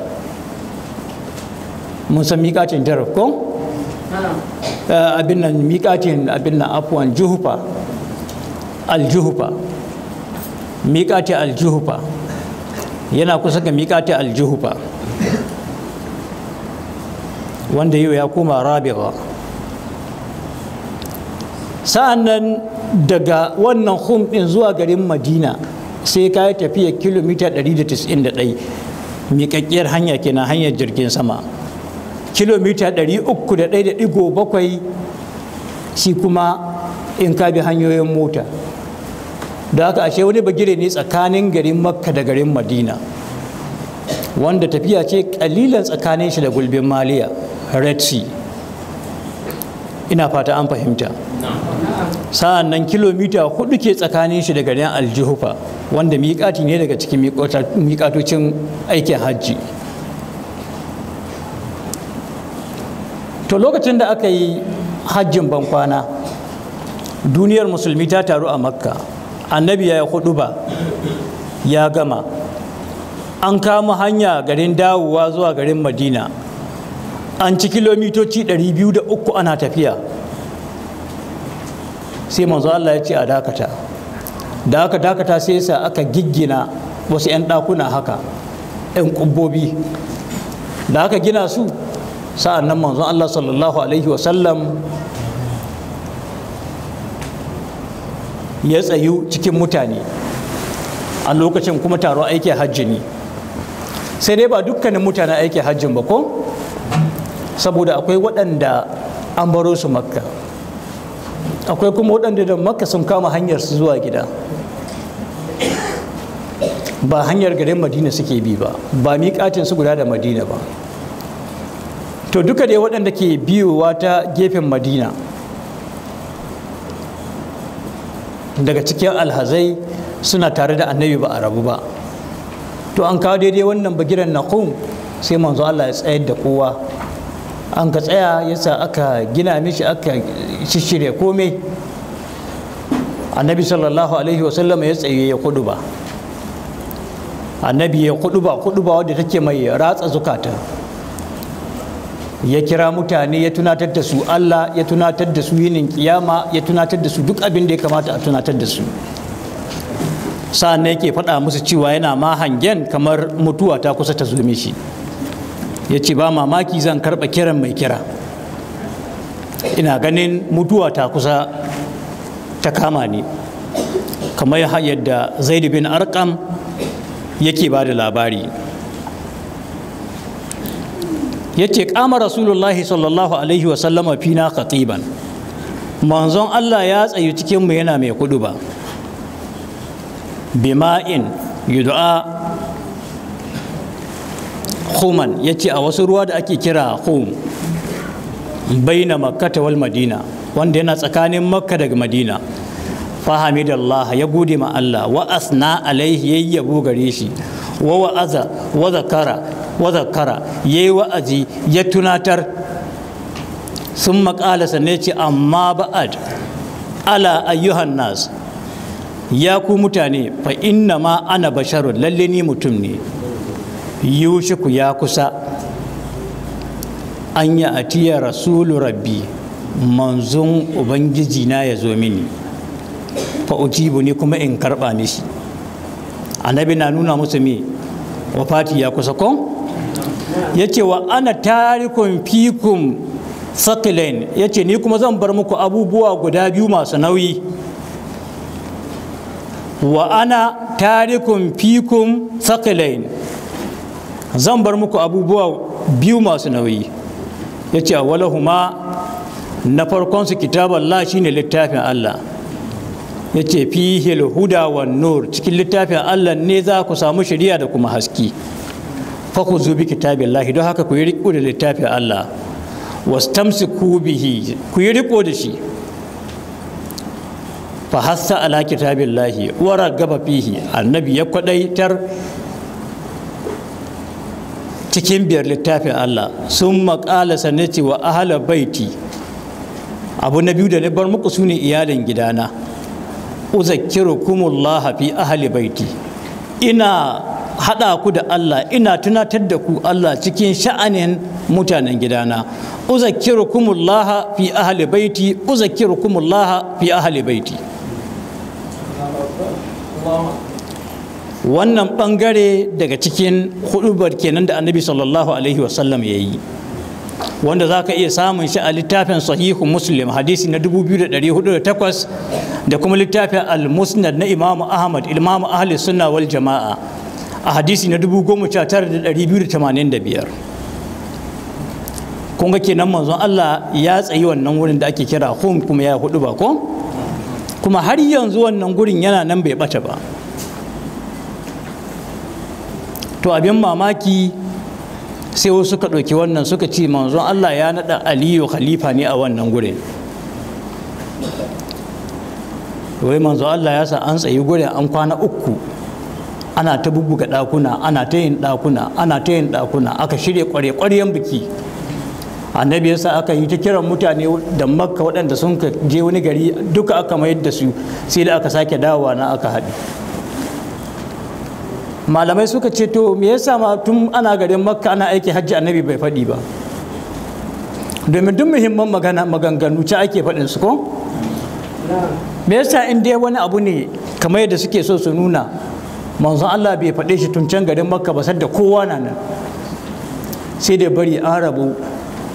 mun san miƙatin jarab ko eh, abin nan miƙatin abin nan afuwan juhufa aljuhufa miƙatin aljuhufa yana kusa ga miƙatin aljuhufa wanda yau ya koma rabi'a sa'an nan daga wannan hum ɗin zuwa garin madina sai ka yi tafiya kilomita 191 miƙaƙƙiyar hanya kenan hanyar jirgin sama kilomita 301.7 shi kuma in ka bi hanyoyin mota da haka ashe wani bagire ne tsakanin garin makka da garin madina wanda tafiya ce ƙalilan tsakanin shi da gulbin maliya red sea ina fata an fahimta sa'an nan kilomita hudu ke tsakanin shi da garin aljihufa wanda miƙati ne daga cikin miƙatocin aikin hajji to lokacin da aka yi hajjin bankwana duniyar musulmi ta taru a makka annabi ya yi hudu ba ya gama an kama hanya garin dawowa zuwa garin madina an ci kilomitoci 203 ana tafiya sai manzo Allah ya ce a dakata da aka dakata sai yasa aka giggina wasu 'yan ɗakuna haka 'yan ƙubbobi da aka gina su sa'an nan manzon Allah sallallahu alaihi wasallam ya tsayu cikin mutane a lokacin kuma taro aikin hajji ne sai dai ba dukkanin mutane aiki hajjin ba ko saboda akwai waɗanda an baro su makka akwai kuma waɗanda da makka sun kama hanyar su zuwa gida ba hanyar garin madina suke bi ba ba miƙatin su guda da madina ba to duka dai waɗanda ke biyowa ta gefen madina daga cikin alhazai suna tare da annabi ba a rabu ba to an kawo daidai wannan bagiran na sai manzo Allah ya tsayar da kowa an ka tsaya yasa aka gina mishi aka shishire komai annabi sallallahu alaihi wasallam ya tsaye ya kudu ba annabi ya kudu ba kudu ba wadda take mai ratsa zukata ya kira mutane ya tunatar da su Allah ya tunatar da su yinin kiyama ya tunatar da su duk abin da ya kamata a tunatar da su sa'an yake faɗa musu cewa yana ma hangen kamar mutuwa ta kusa ta zo mishi shi ya ce ba mamaki zan karɓa kiran mai kira ina ganin mutuwa ta kusa ta kama ni kamar yadda zaid bin arkam yake ba da labari ya ce kama rasulullahi sallallahu alaihi wasallama fina katiban. manzon allah ya tsayu cikinmu yana mai kudu ba bima'in yudu'a human ya ce a wasu ruwa da ake kira hum baina makkata wal madina wanda yana tsakanin makka daga madina fahamidallah ya gode ma Allah wa asna alaihi yabo gare shi wa wa'aza wa zakara wa zakara yayi wa'azi ya tunatar sun maƙala sanne ce amma ba'ad ala ayyuhan nas ya ku mutane fa inna ma ana basharun lalle ni mutum ne yushiku ya kusa an ya atiya rasulu rabbi manzon ubangiji na ya zo mini fa ujibu ni kuma in karba ni shi annabi na nuna musu me wafati ya kusa ko yace wa ana tarikun fikum sakilain yace ni kuma zan bar muku abubuwa guda biyu masu nauyi wa ana tarikun fikum sakilain zan bar muku abubuwa biyu masu nauyi ya ce walahuma na farkonsu kitabar la shine littafin Allah ya ce fihil huda wa nur cikin littafin Allah ne za ku samu shari'a da kuma haski? fa zubi kitabin lahi don haka ku yi riko da littafin Allah ku bihi ku yi riko da shi fa hassa ala kitabin lahi wara gaba fihi annabi ya kwadaitar cikin biyar littafin Allah sun maƙala sanne cewa wa ahala baiti abu na biyu da na bar muku sune iyalin gidana kumullah fi ahli baiti ina haɗa ku da Allah ina tunatar da ku Allah cikin sha'anin mutanen gidana kumullah fi ahli baiti kumullah fi ahli baiti wannan bangare daga cikin hudubar kenan da annabi sallallahu alaihi wasallam ya yi wanda za ka iya samun shi a littafin sahihu muslim hadisi na 2408 da kuma littafin al-musnad na imamu ahmad imamu ahli sunna wal jama'a a hadisi na 19285 kun ga kenan manzon Allah ya tsayi wannan wurin da ake kira hum kuma ya hudu ba ko kuma har yanzu wannan gurin yana nan bai bata ba to abin mamaki sai wasu suka ɗauki wannan suka ce manzon Allah ya naɗa aliyu khalifa ne a wannan gurin wai manzon Allah ya sa an tsayi gurin an kwana uku ana ta bubbuga ɗakuna ana ta yin ɗakuna ana ta yin ɗakuna aka shirya ƙware ƙwaryen biki annabi yasa aka yi ta kiran mutane da makka waɗanda sun je wani gari duka aka mayar da su sai da aka sake dawowa na aka haɗu malamai suka ce to me yasa ma tun ana garin makka ana aiki hajji annabi bai faɗi ba domin duk muhimman magana maganganu ce ake faɗin su ko me yasa in dai wani abu ne kamar yadda suke so su nuna manzon Allah bai faɗe shi tun can garin makka ba da kowa na nan sai da bari an rabu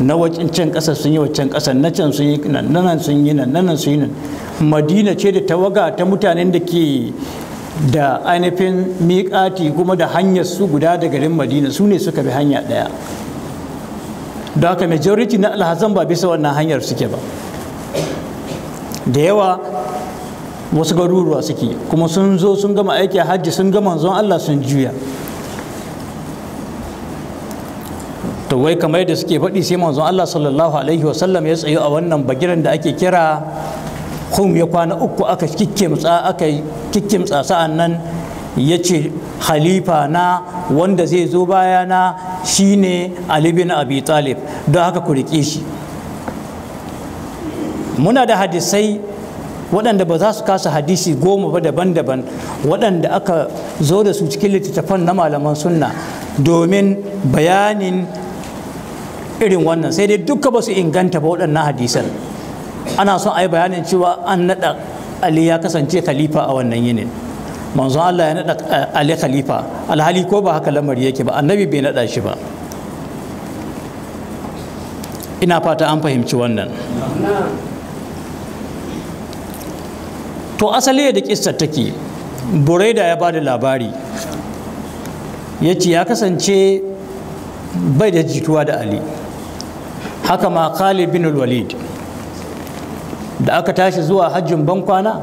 na can ƙasa sun yi wacin ƙasa, na can sun yi nan nan sun yi nan nan sun yi nan madina ce da tawaga ta mutanen da ke da ainihin miƙati kuma da hanyar su guda da garin madina su ne suka bi hanya ɗaya da haka majority na alhazan ba bisa wannan hanyar suke ba da yawa wasu garuruwa suke kuma sun zo sun gama aiki a hajji sun gama zon allah sun juya to wai kamar yadda suke faɗi sai manzon allah sallallahu alaihi wasallam ya tsayu a wannan bagiran da ake kira hum ya kwana uku aka kikkimtsa aka kikkimtsa nan ya ce halifa na wanda zai zo bayana shine Ali bin Abi Talib don haka ku riƙe shi muna da hadisai waɗanda ba za su kasa hadisi goma ba daban-daban waɗanda aka zo da su cikin littattafan na malaman sunna domin bayanin irin wannan sai dai duka ba su inganta ba waɗannan hadisan ana son a yi bayanin cewa an naɗa ali ya kasance khalifa a wannan yinin manzo Allah ya naɗa eh, ali khalifa alhali ko ba haka lamari yake ba annabi bai naɗa shi ba ina fata an fahimci wannan to asali da kissar take buraida ya ba da labari ya ce ya kasance bai da jituwa da ali haka ma khalid bin walid da aka tashi zuwa hajjin bankwana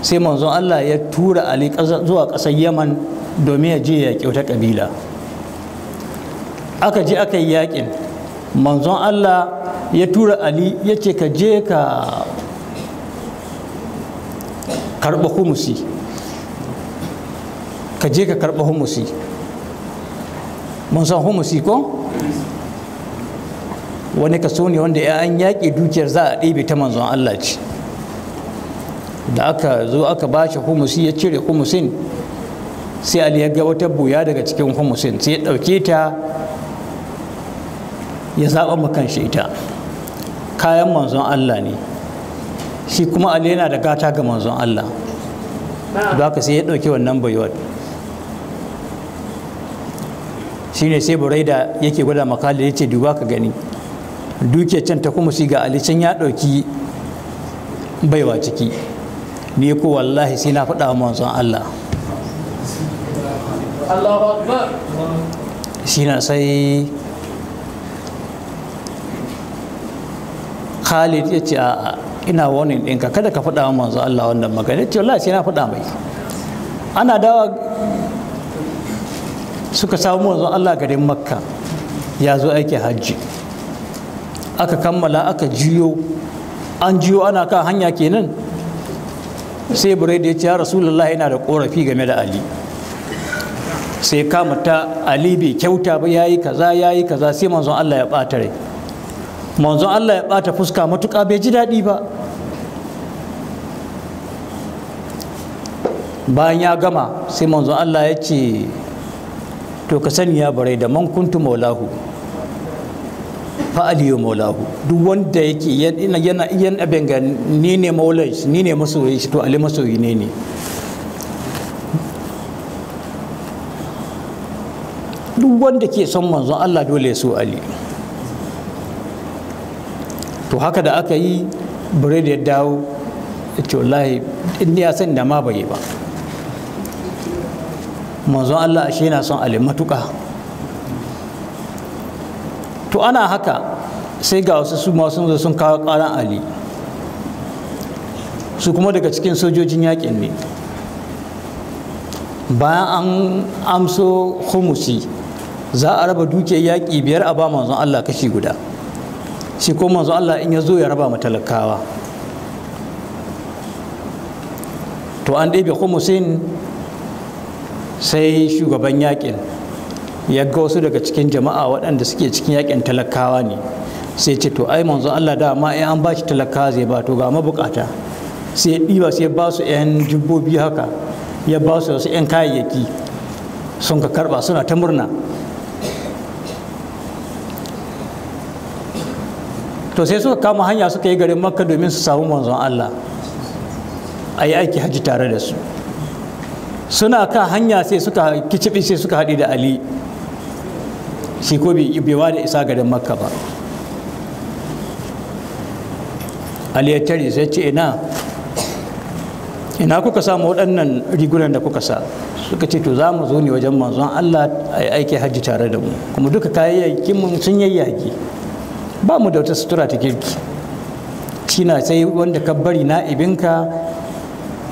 sai manzon Allah ya tura Ali zuwa ƙasar Yaman domin ya je yaƙi wata ƙabila aka je aka yi yaƙin manzon Allah ya tura Ali ya ce ka je ka karɓa humusi ka je ka karɓa humusi mun san humusi ko wani kaso ne wanda ya an yaƙi dukiyar za a ɗebe ta manzon Allah ce da aka zo aka ba shi humusi ya cire humusin sai Ali ya ga wata buya daga cikin humusin sai ya ɗauke ta ya zaɓa makan shi ita kayan manzon Allah ne shi kuma Ali yana da gata ga manzon Allah da aka sai ya ɗauki wannan buyuwar ne sai da yake gwada makali ya ce duba ka gani duke can ta kuma ga ali can ya ɗauki baiwa ciki ni ko wallahi sai na faɗa manzon Allah shi na sai khalid ya ce a ina wani ɗinka kada ka faɗa manzon Allah wannan magana ce wallahi sai na faɗa mai ana dawa suka samu manzon Allah garin makka ya zo aiki hajji aka kammala aka jiyo an jiyo ana kan hanya kenan sai buraidu ya ce ya rasulullah yana da korafi game da ali sai kama ta ali bai kyauta ba yayi kaza yayi kaza sai manzon Allah ya bata rai manzon Allah ya bata fuska matuka bai ji daɗi ba bayan ya gama sai manzon Allah ya ce to ka sani ya bare da man kuntu maulahu fa aliyu maulahu duk wanda yake yana yan abin ga ni ne maulai ni ne masoyi shi to ali masoyi ne ne duk wanda ke son manzon Allah dole ya so ali to haka da aka yi bare da ya dawo ya ce wallahi in ya san da ma bai ba manzon Allah ashe yana son ali matuƙa to ana haka sai ga wasu su masu zo sun kawo ƙaran ali su kuma daga cikin sojojin yakin ne bayan an amso humusi za a raba dukiyar yaƙi biyar a ba manzon Allah kashi guda shi ko manzon Allah in ya zo ya raba matalakawa to an ɗebe humusin sai shugaban yaƙin ya ga wasu daga cikin jama'a waɗanda suke cikin yakin talakawa ne sai ce to ai manzon Allah da ma in an ba shi talakawa zai ba to ga mabukata sai diba sai ba su 'yan jibbobi haka ya ba su wasu 'yan kayayyaki sun ka karɓa suna ta murna to sai suka kama hanya suka yi garin makka domin su samu manzon Allah a yi aiki hajji tare da su suna ka hanya sai suka kicibi sai suka haɗi da ali shi ko bai wa da isa garin makka ba ali sai ce ina ina kuka samu waɗannan rigunan da kuka sa suka ce to za mu zo ne wajen manzon Allah a aiki hajji tare da mu kuma duka kayayyakin mun sun yayyage ba mu da wata sutura ta kirki na sai wanda ka bari na ibinka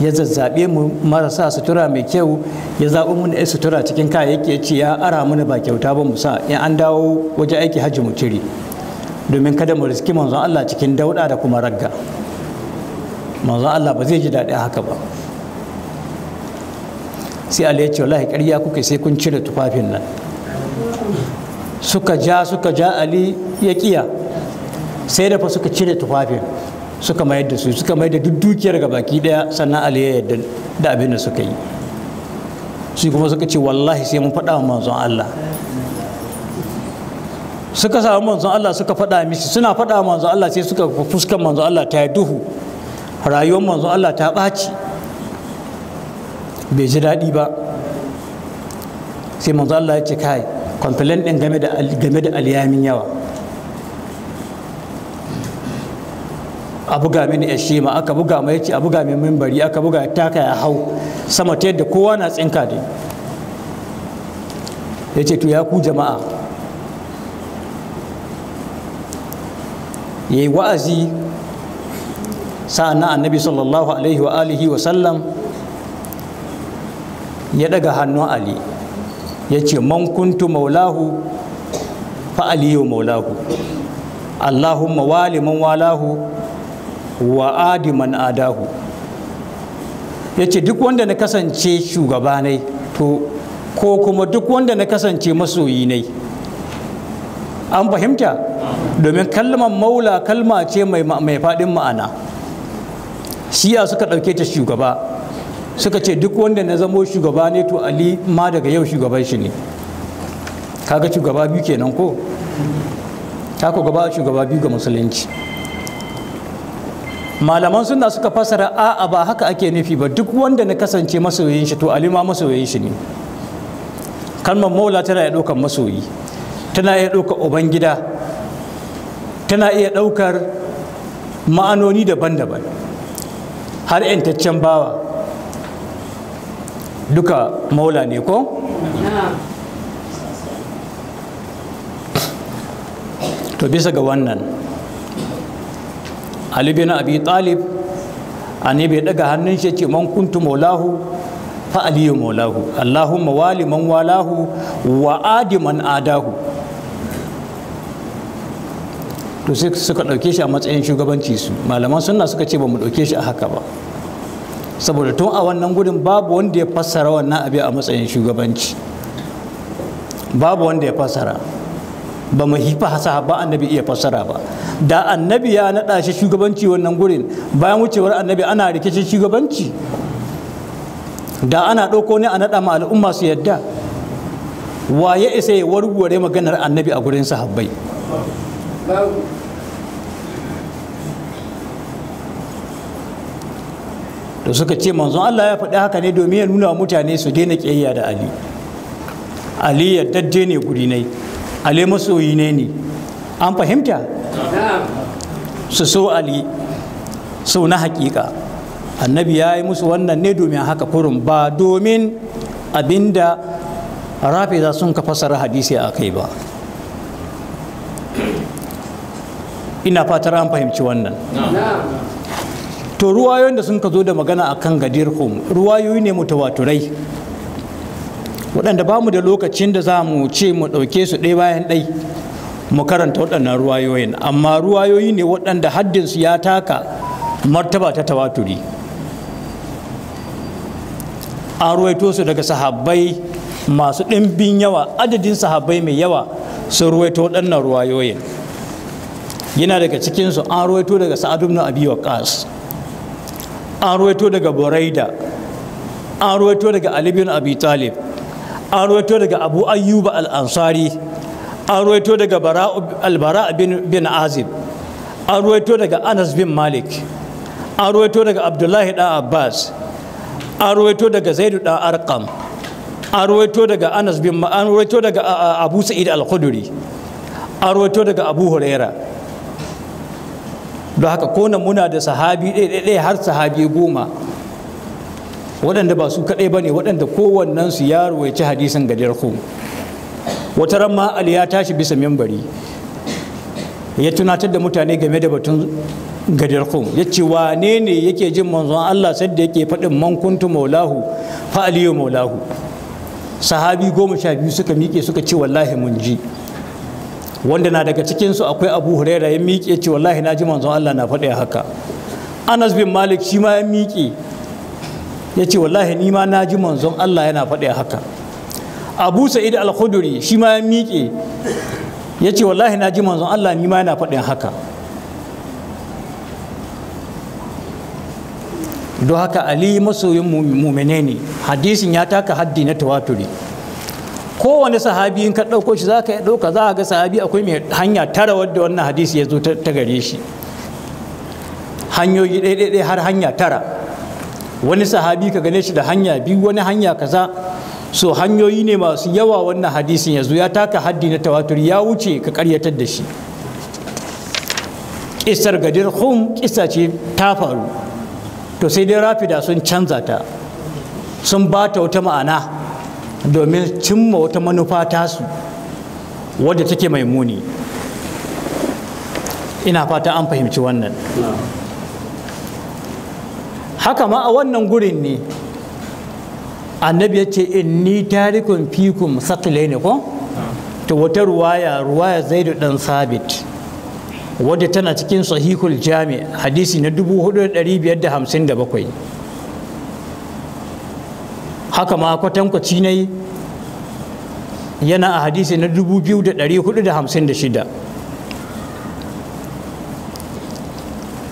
ya zazzabe mu marasa sutura mai kyau ya zaɓi mu da sutura cikin kayayyaki ya ce ya ara mana ba kyauta ba musa in an dawo waje aiki hajji mu cire domin kada mu riski manzon Allah cikin dauɗa da kuma ragga manzon Allah ba zai ji daɗi haka ba sai Allah ya ce wallahi ƙarya kuke sai kun cire tufafin nan suka ja suka ja Ali ya kiya sai da fa suka cire tufafin suka mayar da su suka mayar da duk dukiyar ga baki daya sannan ali ya yadda da abin da suka yi su kuma suka ce wallahi sai mun faɗa manzon Allah suka samu manzon Allah suka faɗa mishi suna faɗa manzon Allah sai suka fuskan manzon Allah ta yi duhu rayuwar manzon Allah ta ɓaci bai ji daɗi ba sai manzon Allah ya ce kai complain ɗin game da game da yawa a buga mini shema aka buga mai yace a buga min mimbari aka buga taka ya hau sama ta yadda kowa na tsinka dai yace to ya ku jama'a yayi wa'azi sa'an annabi sallallahu alaihi wa alihi wa sallam ya daga hannun ali ya ce man kuntu maulahu fa aliyu maulahu allahumma waliman walahu wa adiman adahu ya ce duk wanda na kasance shugaba ne to ko kuma duk wanda na kasance masoyi ne an fahimta domin kalmar maula kalma ce mai faɗin ma'ana shiya suka ɗauke ta shugaba suka ce duk wanda na zamo shugaba ne to ali ma daga yau shugaban shi ne kaga shugaba biyu kenan ko ta gaba shugaba biyu ga musulunci malaman suna suka fasara a'a ba haka ake nufi ba duk wanda na kasance masoyin shi to alima masoyin shi ne kalmar maula tana iya ɗaukar masoyi tana iya ɗaukar gida tana iya ɗaukar ma'anoni daban-daban har ‘yantaccen bawa duka maula ne ko? to bisa ga wannan ali bin abi talib ani ya daga hannun shi ce man kuntu maulahu fa aliyu maulahu allahumma wali man walahu wa adi man adahu to sai suka dauke shi a matsayin shugabanci su malaman sunna suka ce ba mu dauke shi a haka ba saboda tun a wannan gudun babu wanda ya fassara wannan abin a matsayin shugabanci babu wanda ya fassara ba mu hifa sahabba annabi iya fassara ba da annabi ya naɗa shi shugabanci wannan gurin bayan wucewar annabi ana rikicin shugabanci da ana ɗauko ne a naɗa ma al'umma su yadda wa ya isa ya warware maganar annabi a gurin sahabbai da suka ce manzon Allah ya faɗi haka ne domin ya nuna wa mutane su daina ƙiyayya da Ali Ali ya dadde ne guri ali masoyi ne ni an fahimta su so ali so na hakika annabi ya yi musu wannan ne domin haka kurum ba domin abinda za sun ka fasara hadisi a kai ba ina fatar an fahimci wannan to ruwayoyin da sun ka zo da magana akan gadir ruwayoyi ne mutawaturai waɗanda ba mu da lokacin da za mu ce mu ɗauke su ɗaya bayan ɗai mu karanta waɗannan ruwayoyin amma ruwayoyi ne waɗanda haddinsu ya taka martaba ta tawaturi an ruwaito su daga sahabbai masu ɗimbin yawa adadin sahabbai mai yawa sun ruwaito waɗannan ruwayoyin yana daga cikinsu an ruwaito daga sa'ad ibn abi waqas an ruwaito daga buraida an ruwaito daga ali bin abi talib an ruwaito daga abu ayyuba al-ansari an ruwaito daga albara bin azib an ruwaito daga anas bin malik an ruwaito daga abdullahi ɗan abbas an ruwaito daga zaidu ɗan arkam an ruwaito daga anas bin an ruwaito daga abu sa'id al-khuduri an ruwaito daga abu huraira don haka kona muna da sahabi ɗaya har sahabi goma waɗanda ba su kaɗai ba ne waɗanda kowannensu ya ruwaici hadisin gadiyar ku wata ran ma ali ya tashi bisa membari ya tunatar da mutane game da batun gadiyar ku ya ce wane ne yake jin manzon allah sadda yake faɗin mankuntu maulahu fa aliyu maulahu sahabi goma sha biyu suka miƙe suka ce wallahi mun ji wanda na daga cikinsu akwai abu huraira ya miƙe ce wallahi na ji manzon allah na faɗi haka anas bin malik shi ma ya miƙe ya ce wallahi ni ma na ji manzon Allah yana faɗi haka abu sa'id al-khuduri shi ma ya miƙe ya ce wallahi na ji manzon Allah ni ma yana haka don haka ali masoyin mumene ne hadisin ya taka haddi na tawaturi kowane sahabi in ka ɗauko shi za ka iya ɗauka za a ga sahabi akwai mai hanya tara wadda wannan hadisi ya zo ta gare shi hanyoyi ɗaiɗaiɗai har hanya tara wani sahabi ka gane shi da hanya biyu wani hanya kaza so hanyoyi ne masu yawa wannan hadisin yanzu ya taka haddi na tawatur ya wuce ka karyatar da shi kisar gadir hum kisa ce ta faru to sai dai rafida sun canza ta sun ba ta wata ma'ana domin cimma wata manufa tasu wadda take mai muni ina fata an fahimci wannan haka ma a wannan gurin ne annabi ya ce inni tarikun fikum sakile ne ko ta wata ruwaya ruwaya zaidu ɗan sabit wadda tana cikin sahihul jami hadisi na 4557 haka ma kwatankwaci yi yana a hadisi na 2456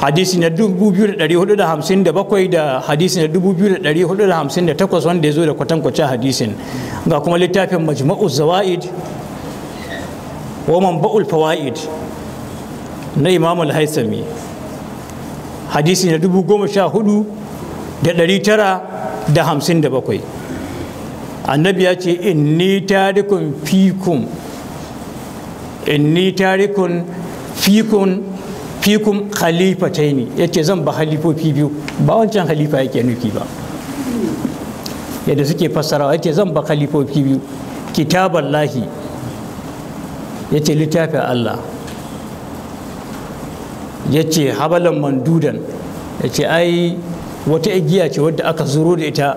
hadisi na 2457 da hadisi na 2458 wanda ya zo da kwatankwacin hadisin ga kuma littafin majma'u zawa'id wa manba'ul fawaid na imam al-haisami hadisi na 14 da annabi ya ce inni tarikun fikun inni tarikun fikun fikum khalifataini yace zan ba halifofi biyu ba wancan halifa yake nufi ba yadda suke fassarawa yace zan ba halifofi biyu kitaballahi yace littafin Allah yace habalan mandudan yace ai wata igiya ce wadda aka zuro da ita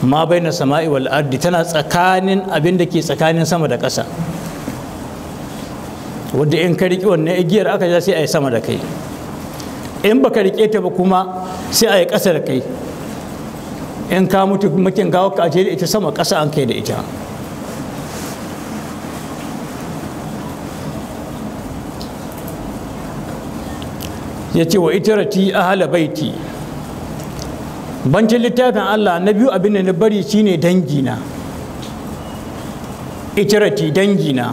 ma bai sama'i wal ardi tana tsakanin abin da ke tsakanin sama da ƙasa wadda in ka riƙe wannan igiyar aka ja sai a yi sama da kai in baka riƙe ta ba kuma sai a yi ƙasa da kai in ka mutu mutum gawa ka da ita sama ƙasa an kai da ita ya ce wa ita rati ahala baiti bancin littafin allah na biyu abin da na bari shine dangina itarati dangina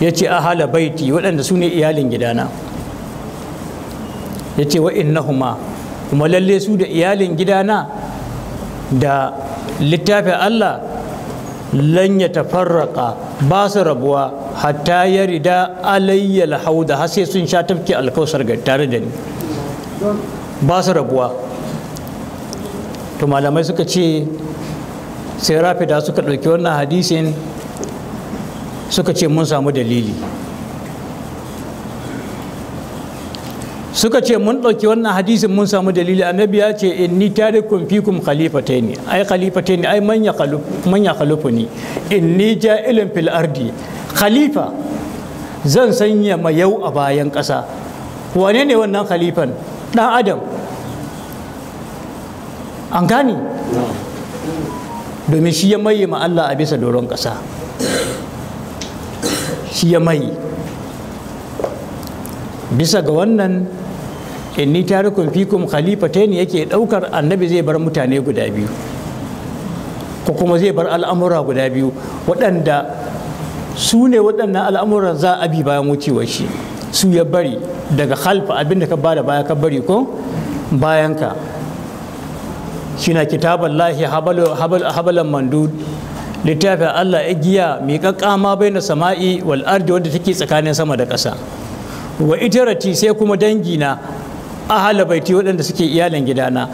ya ce hala baiti waɗanda su ne iyalin gidana ya ce huma kuma lalle su da iyalin gidana da littafin Allah lan ya tafarraka ba su rabuwa hatta ya rida alayyal hauda har sai sun sha tafki alkausar tare da ni ba su rabuwa to malamai suka ce sai rafida suka ɗauki wannan hadisin suka ce mun samu dalili suka ce mun ɗauki wannan hadisin mun samu dalili annabi ya ce inni tarikum fikum khalifataini ai khalifataini ai manya manya khalifuni inni ja'ilun fil ardi khalifa zan sanya ma yau a bayan ƙasa wane ne wannan khalifan dan adam an gani domin shi ya maye ma Allah a bisa doron ƙasa ya mai bisa ga wannan inni tarikun fikum ne yake daukar annabi zai bar mutane guda biyu ko kuma zai bar al'amura guda biyu waɗanda su ne waɗannan al'amura za a bi bayan wucewar shi su ya bari daga khalfa abinda ka bada baya ka bari ko bayanka shina kitaballahi habalan mandud littafin Allah igiya miƙaƙƙa ma bai na sama'i wal ardi wanda take tsakanin sama da ƙasa wa itarati sai kuma dangina ahala baiti waɗanda suke iyalan gidana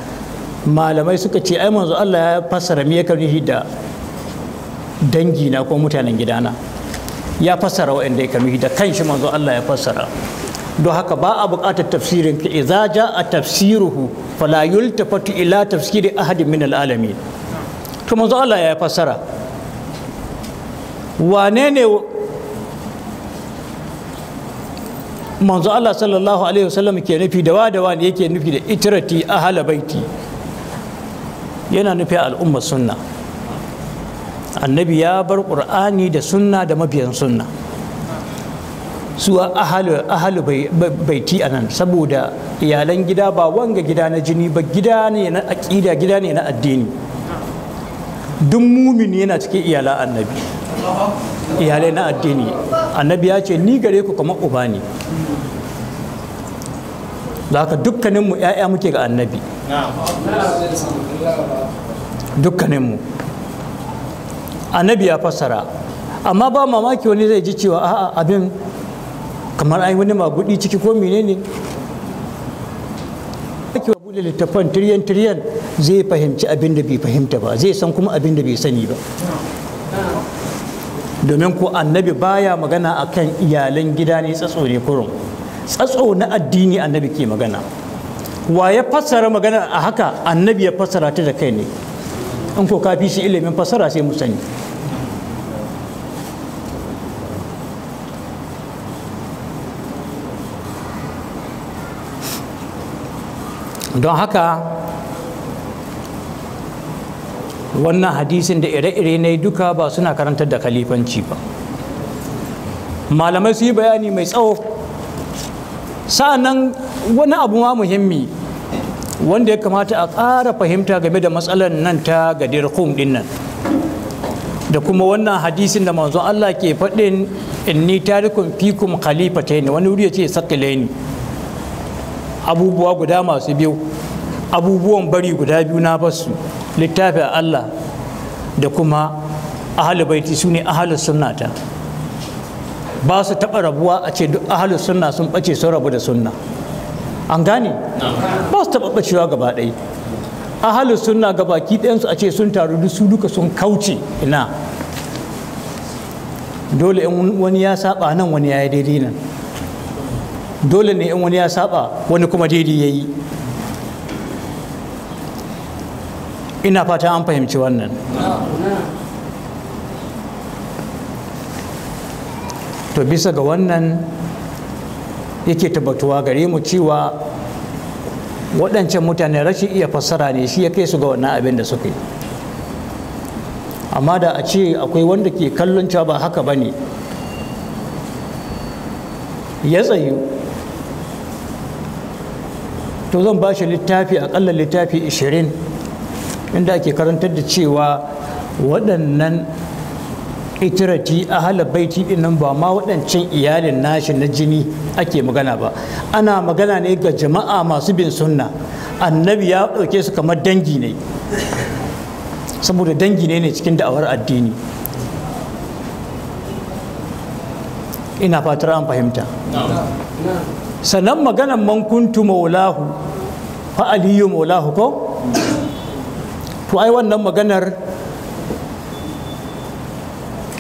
malamai suka ce ai manzo Allah ya fassara me yake nufi da na ko mutanen gidana ya fassara waɗanda yake nufi da kanshi manzo Allah ya fassara don haka ba a buƙatar tafsirin ka idza a tafsiruhu fala yultafatu ila tafsiri ahadin min alalamin to manzo Allah ya fassara wane ne manzo Allah sallallahu alaihi wasallam ke nufi da wa da wa ne yake nufi da itirati ahla baiti yana nufi al'umma sunna annabi ya bar qur'ani da sunna da mabiyan sunna su ahalu baiti a nan saboda iyalan gida ba wanga gida na jini ba gida ne na aƙida gida ne na addini duk mumin yana cikin iyalan annabi iyalai na addini annabi ya ce ni gare ku kamar uba ne haka dukkaninmu 'ya'ya muke ga annabi dukkaninmu annabi ya fassara amma ba mamaki wani zai ji cewa a abin kamar an wani magudi ciki ko menene ake buɗe littafan tiriyan tiriyan zai fahimci abin da bai fahimta ba zai san kuma abin da bai sani ba domin ko annabi baya magana a kan iyalan gida ne tsatso ne kurum tsatso na addini annabi ke magana wa ya fassara magana a haka annabi ya fassara ta da kai ne in ko kafi shi ilimin fassara sai mu sani don haka wannan hadisin da ire-ire ne duka ba suna karantar da kalifanci ba malamai su yi bayani mai tsawo sa'annan wani abu ma muhimmi wanda ya kamata a ƙara fahimta game da matsalar nan ta gadir kum din nan da kuma wannan hadisin da manzon Allah ke faɗin inni tarikum fikum ne wani wuri ya ce yace saqilaini abubuwa guda masu biyu abubuwan bari guda biyu na basu littafin Allah da kuma ahalu baiti su ne ahalu ta ba su taɓa rabuwa a ce duk ahalu sunna sun ɓace sun rabu da sunna an gane ba su taɓa ɓacewa gaba ɗaya ahalu sunna ki ɗayansu a ce sun taru duk su duka sun kauce ina dole in wani ya saba nan wani ya yi daidai nan dole ne in wani ya saba wani kuma daidai ya yi ina fata an fahimci wannan to bisa ga wannan yake tabbatuwa gare mu cewa waɗancan mutane rashin iya fassara ne shi ya kai su ga wannan abin da suka yi amma da a ce akwai wanda ke kallon cewa ba haka ba ne ya tsayu to zan ba shi littafi akalla littafi 20 inda ake karantar da cewa waɗannan itirati ahala baiti nan ba ma waɗancan iyalin nashi na jini ake magana ba ana magana ne ga jama'a masu bin sunna annabi ya ɗauke su kamar dangi ne saboda dangi ne ne cikin da'awar addini ina fatar an fahimta sannan maganan mankuntu maulahu fa aliyu maulahu ko to ai wannan maganar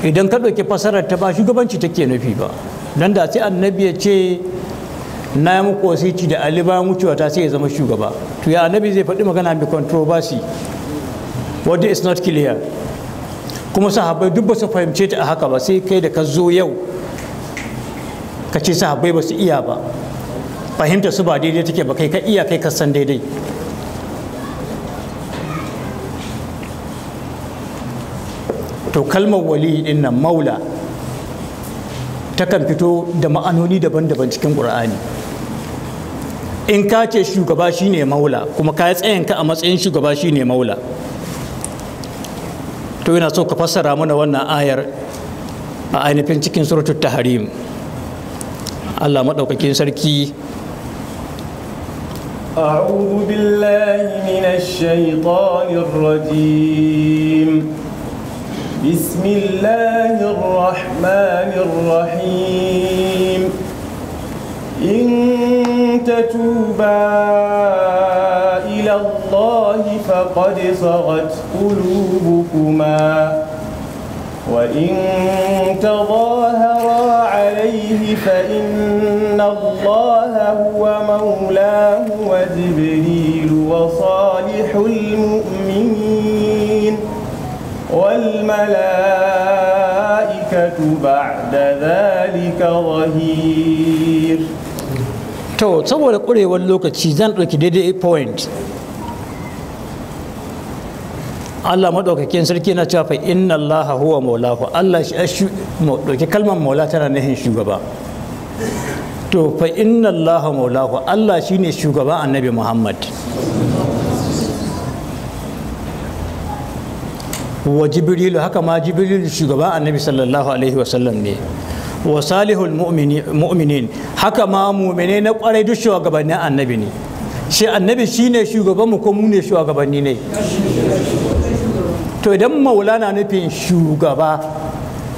idan ka ɗauki fasarar ta ba shugabanci take nufi ba don da sai annabi ya ce na yi muku wasici da ali bayan wucewa ta sai ya zama shugaba to ya annabi zai faɗi magana mai controversy what is not clear kuma sahabbai duk ba su fahimce ta a haka ba sai kai da ka zo yau ka ce sahabbai ba su iya ba fahimta su ba daidai take ba kai ka iya kai ka san daidai kalmar wali din nan maula takan fito da ma'anoni daban-daban cikin ƙur'ani in ka ce shugaba shine maula kuma ka tsayinka a matsayin shugaba shine maula to yana so ka fassara mana wannan ayar a ainihin cikin ta taharim Allah maɗaukakin sarki أعوذ بالله من الشيطان الرجيم بسم الله الرحمن الرحيم إن تتوبا إلى الله فقد صغت قلوبكما وإن تظاهرا عليه فإن الله هو مولاه وجبريل وصالح المؤمنين والملائكة بعد ذلك ظهير to saboda kurewar lokaci zan ɗauki daidai point Allah maɗaukakin sarki na cewa fa inna Allah huwa maulahu Allah shi ɗauki kalmar maula tana nihin shugaba to fa inna Allah maulahu Allah ne shugaba annabi Muhammad wa jibrilu haka ma jibrilu shugaban annabi sallallahu alaihi wasallam ne wa salihul mu'minin haka ma mu'mine na kwarai duk shugabannin annabi ne shi annabi shine shugaban mu ko mu ne shugabanni ne to idan maula na nufin shugaba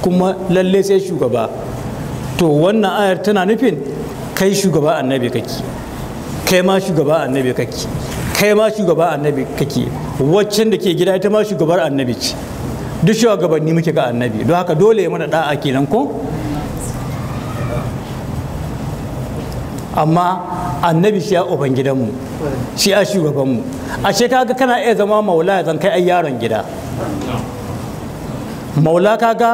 kuma lalle sai shugaba to wannan ayar tana nufin kai shugaba annabi kake kai ma shugaba annabi kake kai ma shugaba annabi kake waccan da ke gida ita ma shugabar annabi ce duk shugabanni muke ga annabi don haka dole ya mana da'a kenan ko amma annabi shi a uban gidanmu shi a shugabanmu ashe kaga kana iya zama maula ya zan kai ai yaron gida maula kaga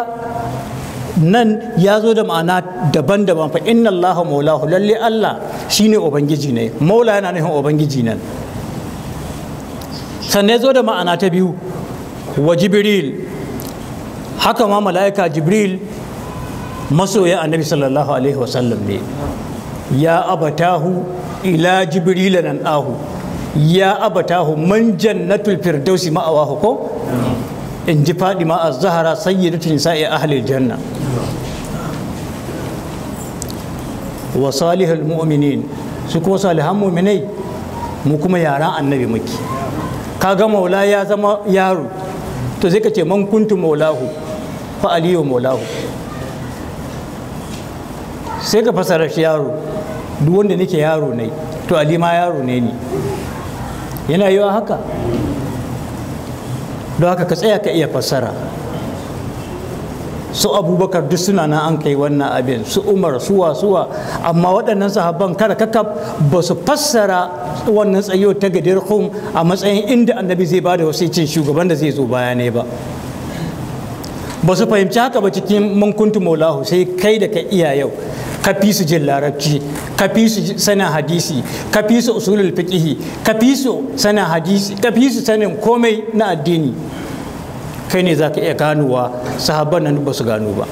nan ya zo da ma'ana daban-daban fa inna allaha maulahu lalle allah shine ubangiji ne maula yana nufin ubangiji nan sannan zo da ma'ana ta biyu wa jibril haka ma mala'ika jibril masoya annabi sallallahu alaihi wasallam ne ya abatahu ila jibril nan ahu ya abatahu man jannatul firdausi ma'awahu ko in ji ma az-zahra sayyidatu nisa'i ahli janna wa salihul mu'minin su kuma salihan mu'minai mu kuma yaran annabi muke Ka ga maula ya zama yaro to zai ka ce man kuntu maulahu fa aliyu maulahu sai ka fasara shi yaro duk wanda nake yaro ne to ali ma yaro ne ni yana yiwa haka don haka ka tsaya ka iya fasara? su abubakar duk suna na an kai wannan abin su umar suwa suwa amma waɗannan sahabban kara kakab ba su fassara wannan tsayo ta gadir kun a matsayin inda annabi zai ba da wasicin shugaban da zai zo baya ne ba ba su fahimci haka ba cikin mankuntu maulahu sai kai da ka iya yau ka fi su jin larabci ka fi su sanin hadisi ka fi su usulul fiqhi ka fi su sanin komai na addini kai ne za ka iya ganowa sahabban nan ba su gano ba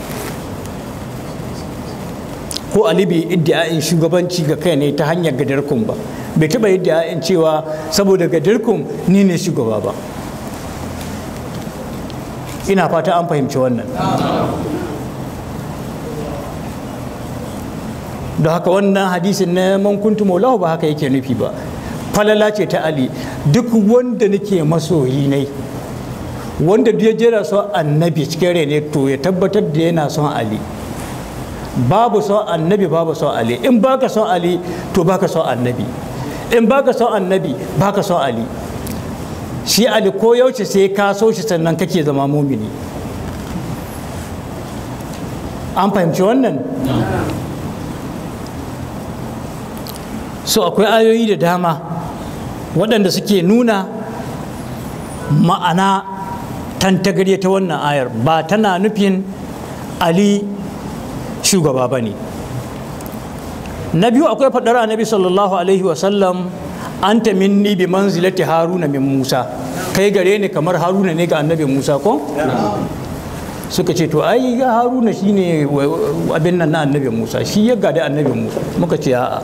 ko ali bai iddia'in shugabanci ga kai ne ta hanyar gadarkun ba bai taɓa iddia'in cewa saboda gadarkun ni ne shugaba ba ina fata an fahimci wannan da haka wannan hadisin na kuntu maulahu ba haka yake nufi ba falala ce ta ali duk wanda nake masoyi ne wanda duk jera son annabi cikin rene to ya tabbatar da yana son ali babu son annabi babu son ali in baka son ali to baka son annabi in baka son annabi baka son ali shi ali ko yaushe sai ka so shi sannan kake zama mumini an fahimci wannan so akwai ayoyi da dama waɗanda suke nuna ma'ana tantagarye ta wannan ayar ba tana nufin ali shugaba ba ne na biyu akwai faɗar annabi sallallahu alaihi wasallam an ta minni bi manzilati haruna min musa kai gare ni kamar haruna ne ga annabi musa ko suka ce to ai haruna shine abin nan na annabi musa shi ya gada annabi musa muka ce a'a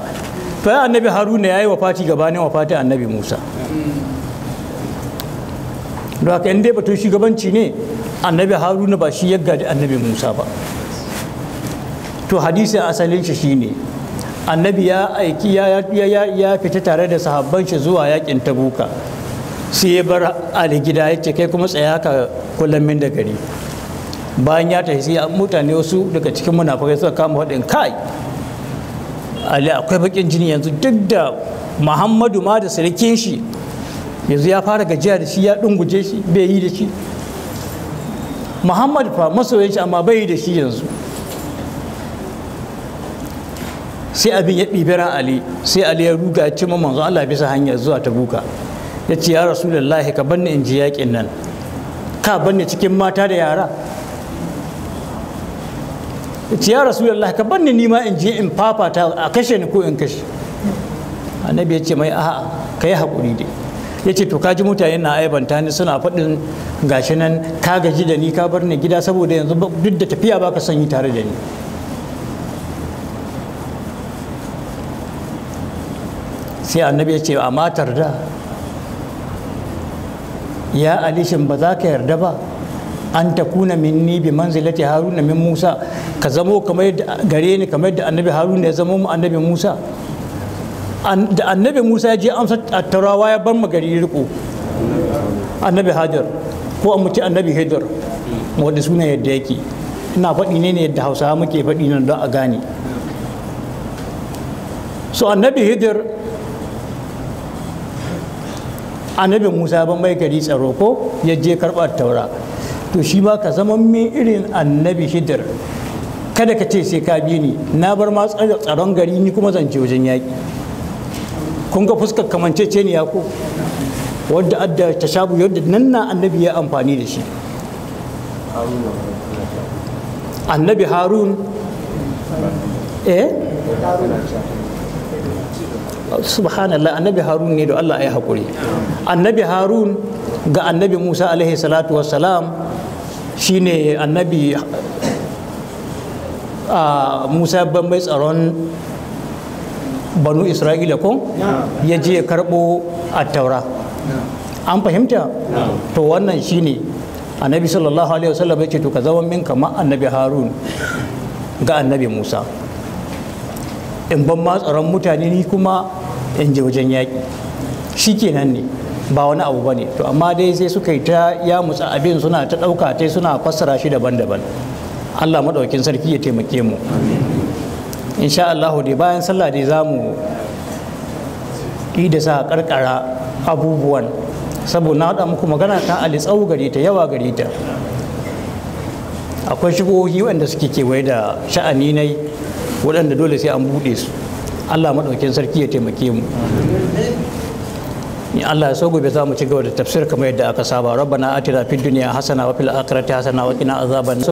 to ai annabi haruna yayi wafati gabanin wafati annabi musa don haka in dai batun shugabanci ne annabi haruna ba shi ya gadi annabi musa ba to hadisin asalin shi shine annabi ya aiki ya fita tare da sahabban shi zuwa yakin tabuka sai ya bar ali gida ya ce kai kuma tsaya ka kullum min da gari bayan ya tafi sai mutane wasu daga cikin munafikai suka kama ka kai ali akwai bakin jini yanzu duk da muhammadu ma da sarkin shi yanzu ya fara gajiya da shi ya dunguje shi bai yi da shi muhammad fa masoyin shi amma bai yi da shi yanzu sai abin ya ɓibira ali sai ali ya ruga ya ce zuwa Allah bisa hanya zuwa ta buka ya ce ya rasulullahi ka banni in ji yaƙin nan ka banni cikin mata da yara ya ce ya rasulullahi ka banni ni ma in je in fafata a kashe ni ko in kashe annabi ya ce mai a'a ka yi haƙuri dai ya ce to kaji mutane na aibanta ni suna faɗin gashi nan ka gaji da ni ka bar ni gida saboda yanzu duk da tafiya baka son yi tare da ni sai annabi ya ce a matar da ya alishin ba za ka yarda ba an ta kuna minni bi manzilati haruna min musa ka zamo kamar gare ni kamar da annabi haruna ya zamo mu annabi musa da annabi musa ya je amsa tarawa ya bar magari riko annabi hajar ko a mutu annabi hajar wadda suna yadda yake ina faɗi ne ne yadda hausawa muke faɗi nan don a gane so annabi hajar annabi musa ban bambai gari tsaro ko ya je karɓar taura to shi ba ka zama min irin annabi hajar kada ka ce sai ka bi ni na bar ma tsaron gari ni kuma zance wajen yaƙi kun ga fuskar ne ko wadda adda shabu yadda nan na annabi ya amfani da shi annabi harun eh subhanallah annabi harun ne da allah ya haƙuri annabi harun ga annabi musa alaihi salatu wassalam shine annabi ah, musa bambai tsaron banu isra'ila ko ya je ya karɓo taura. an fahimta to wannan shine annabi sallallahu alaihi wasallam ya ce to ka zama min kamar annabi harun ga annabi musa in ban ma tsaron mutane ni kuma in je wajen yaƙi shi kenan ne ba wani abu ba ne to amma dai sai suka yi ta ya musa abin suna ta ɗauka ta suna fassara shi daban-daban allah maɗaukin sarki ya taimake mu insha Allah dai bayan sallah dai za mu yi da sa karkara abubuwan saboda na haɗa muku magana ta ali tsawo gare ta yawa gare ta akwai shigohi waɗanda suke kewaye da sha'ani nai waɗanda dole sai an buɗe su allah maɗaukin sarki ya taimake mu in allah ya so gobe za mu ci gaba da tafsir kamar yadda aka saba rabbana atina fid dunya hasana wa fil akhirati hasana wa qina azaban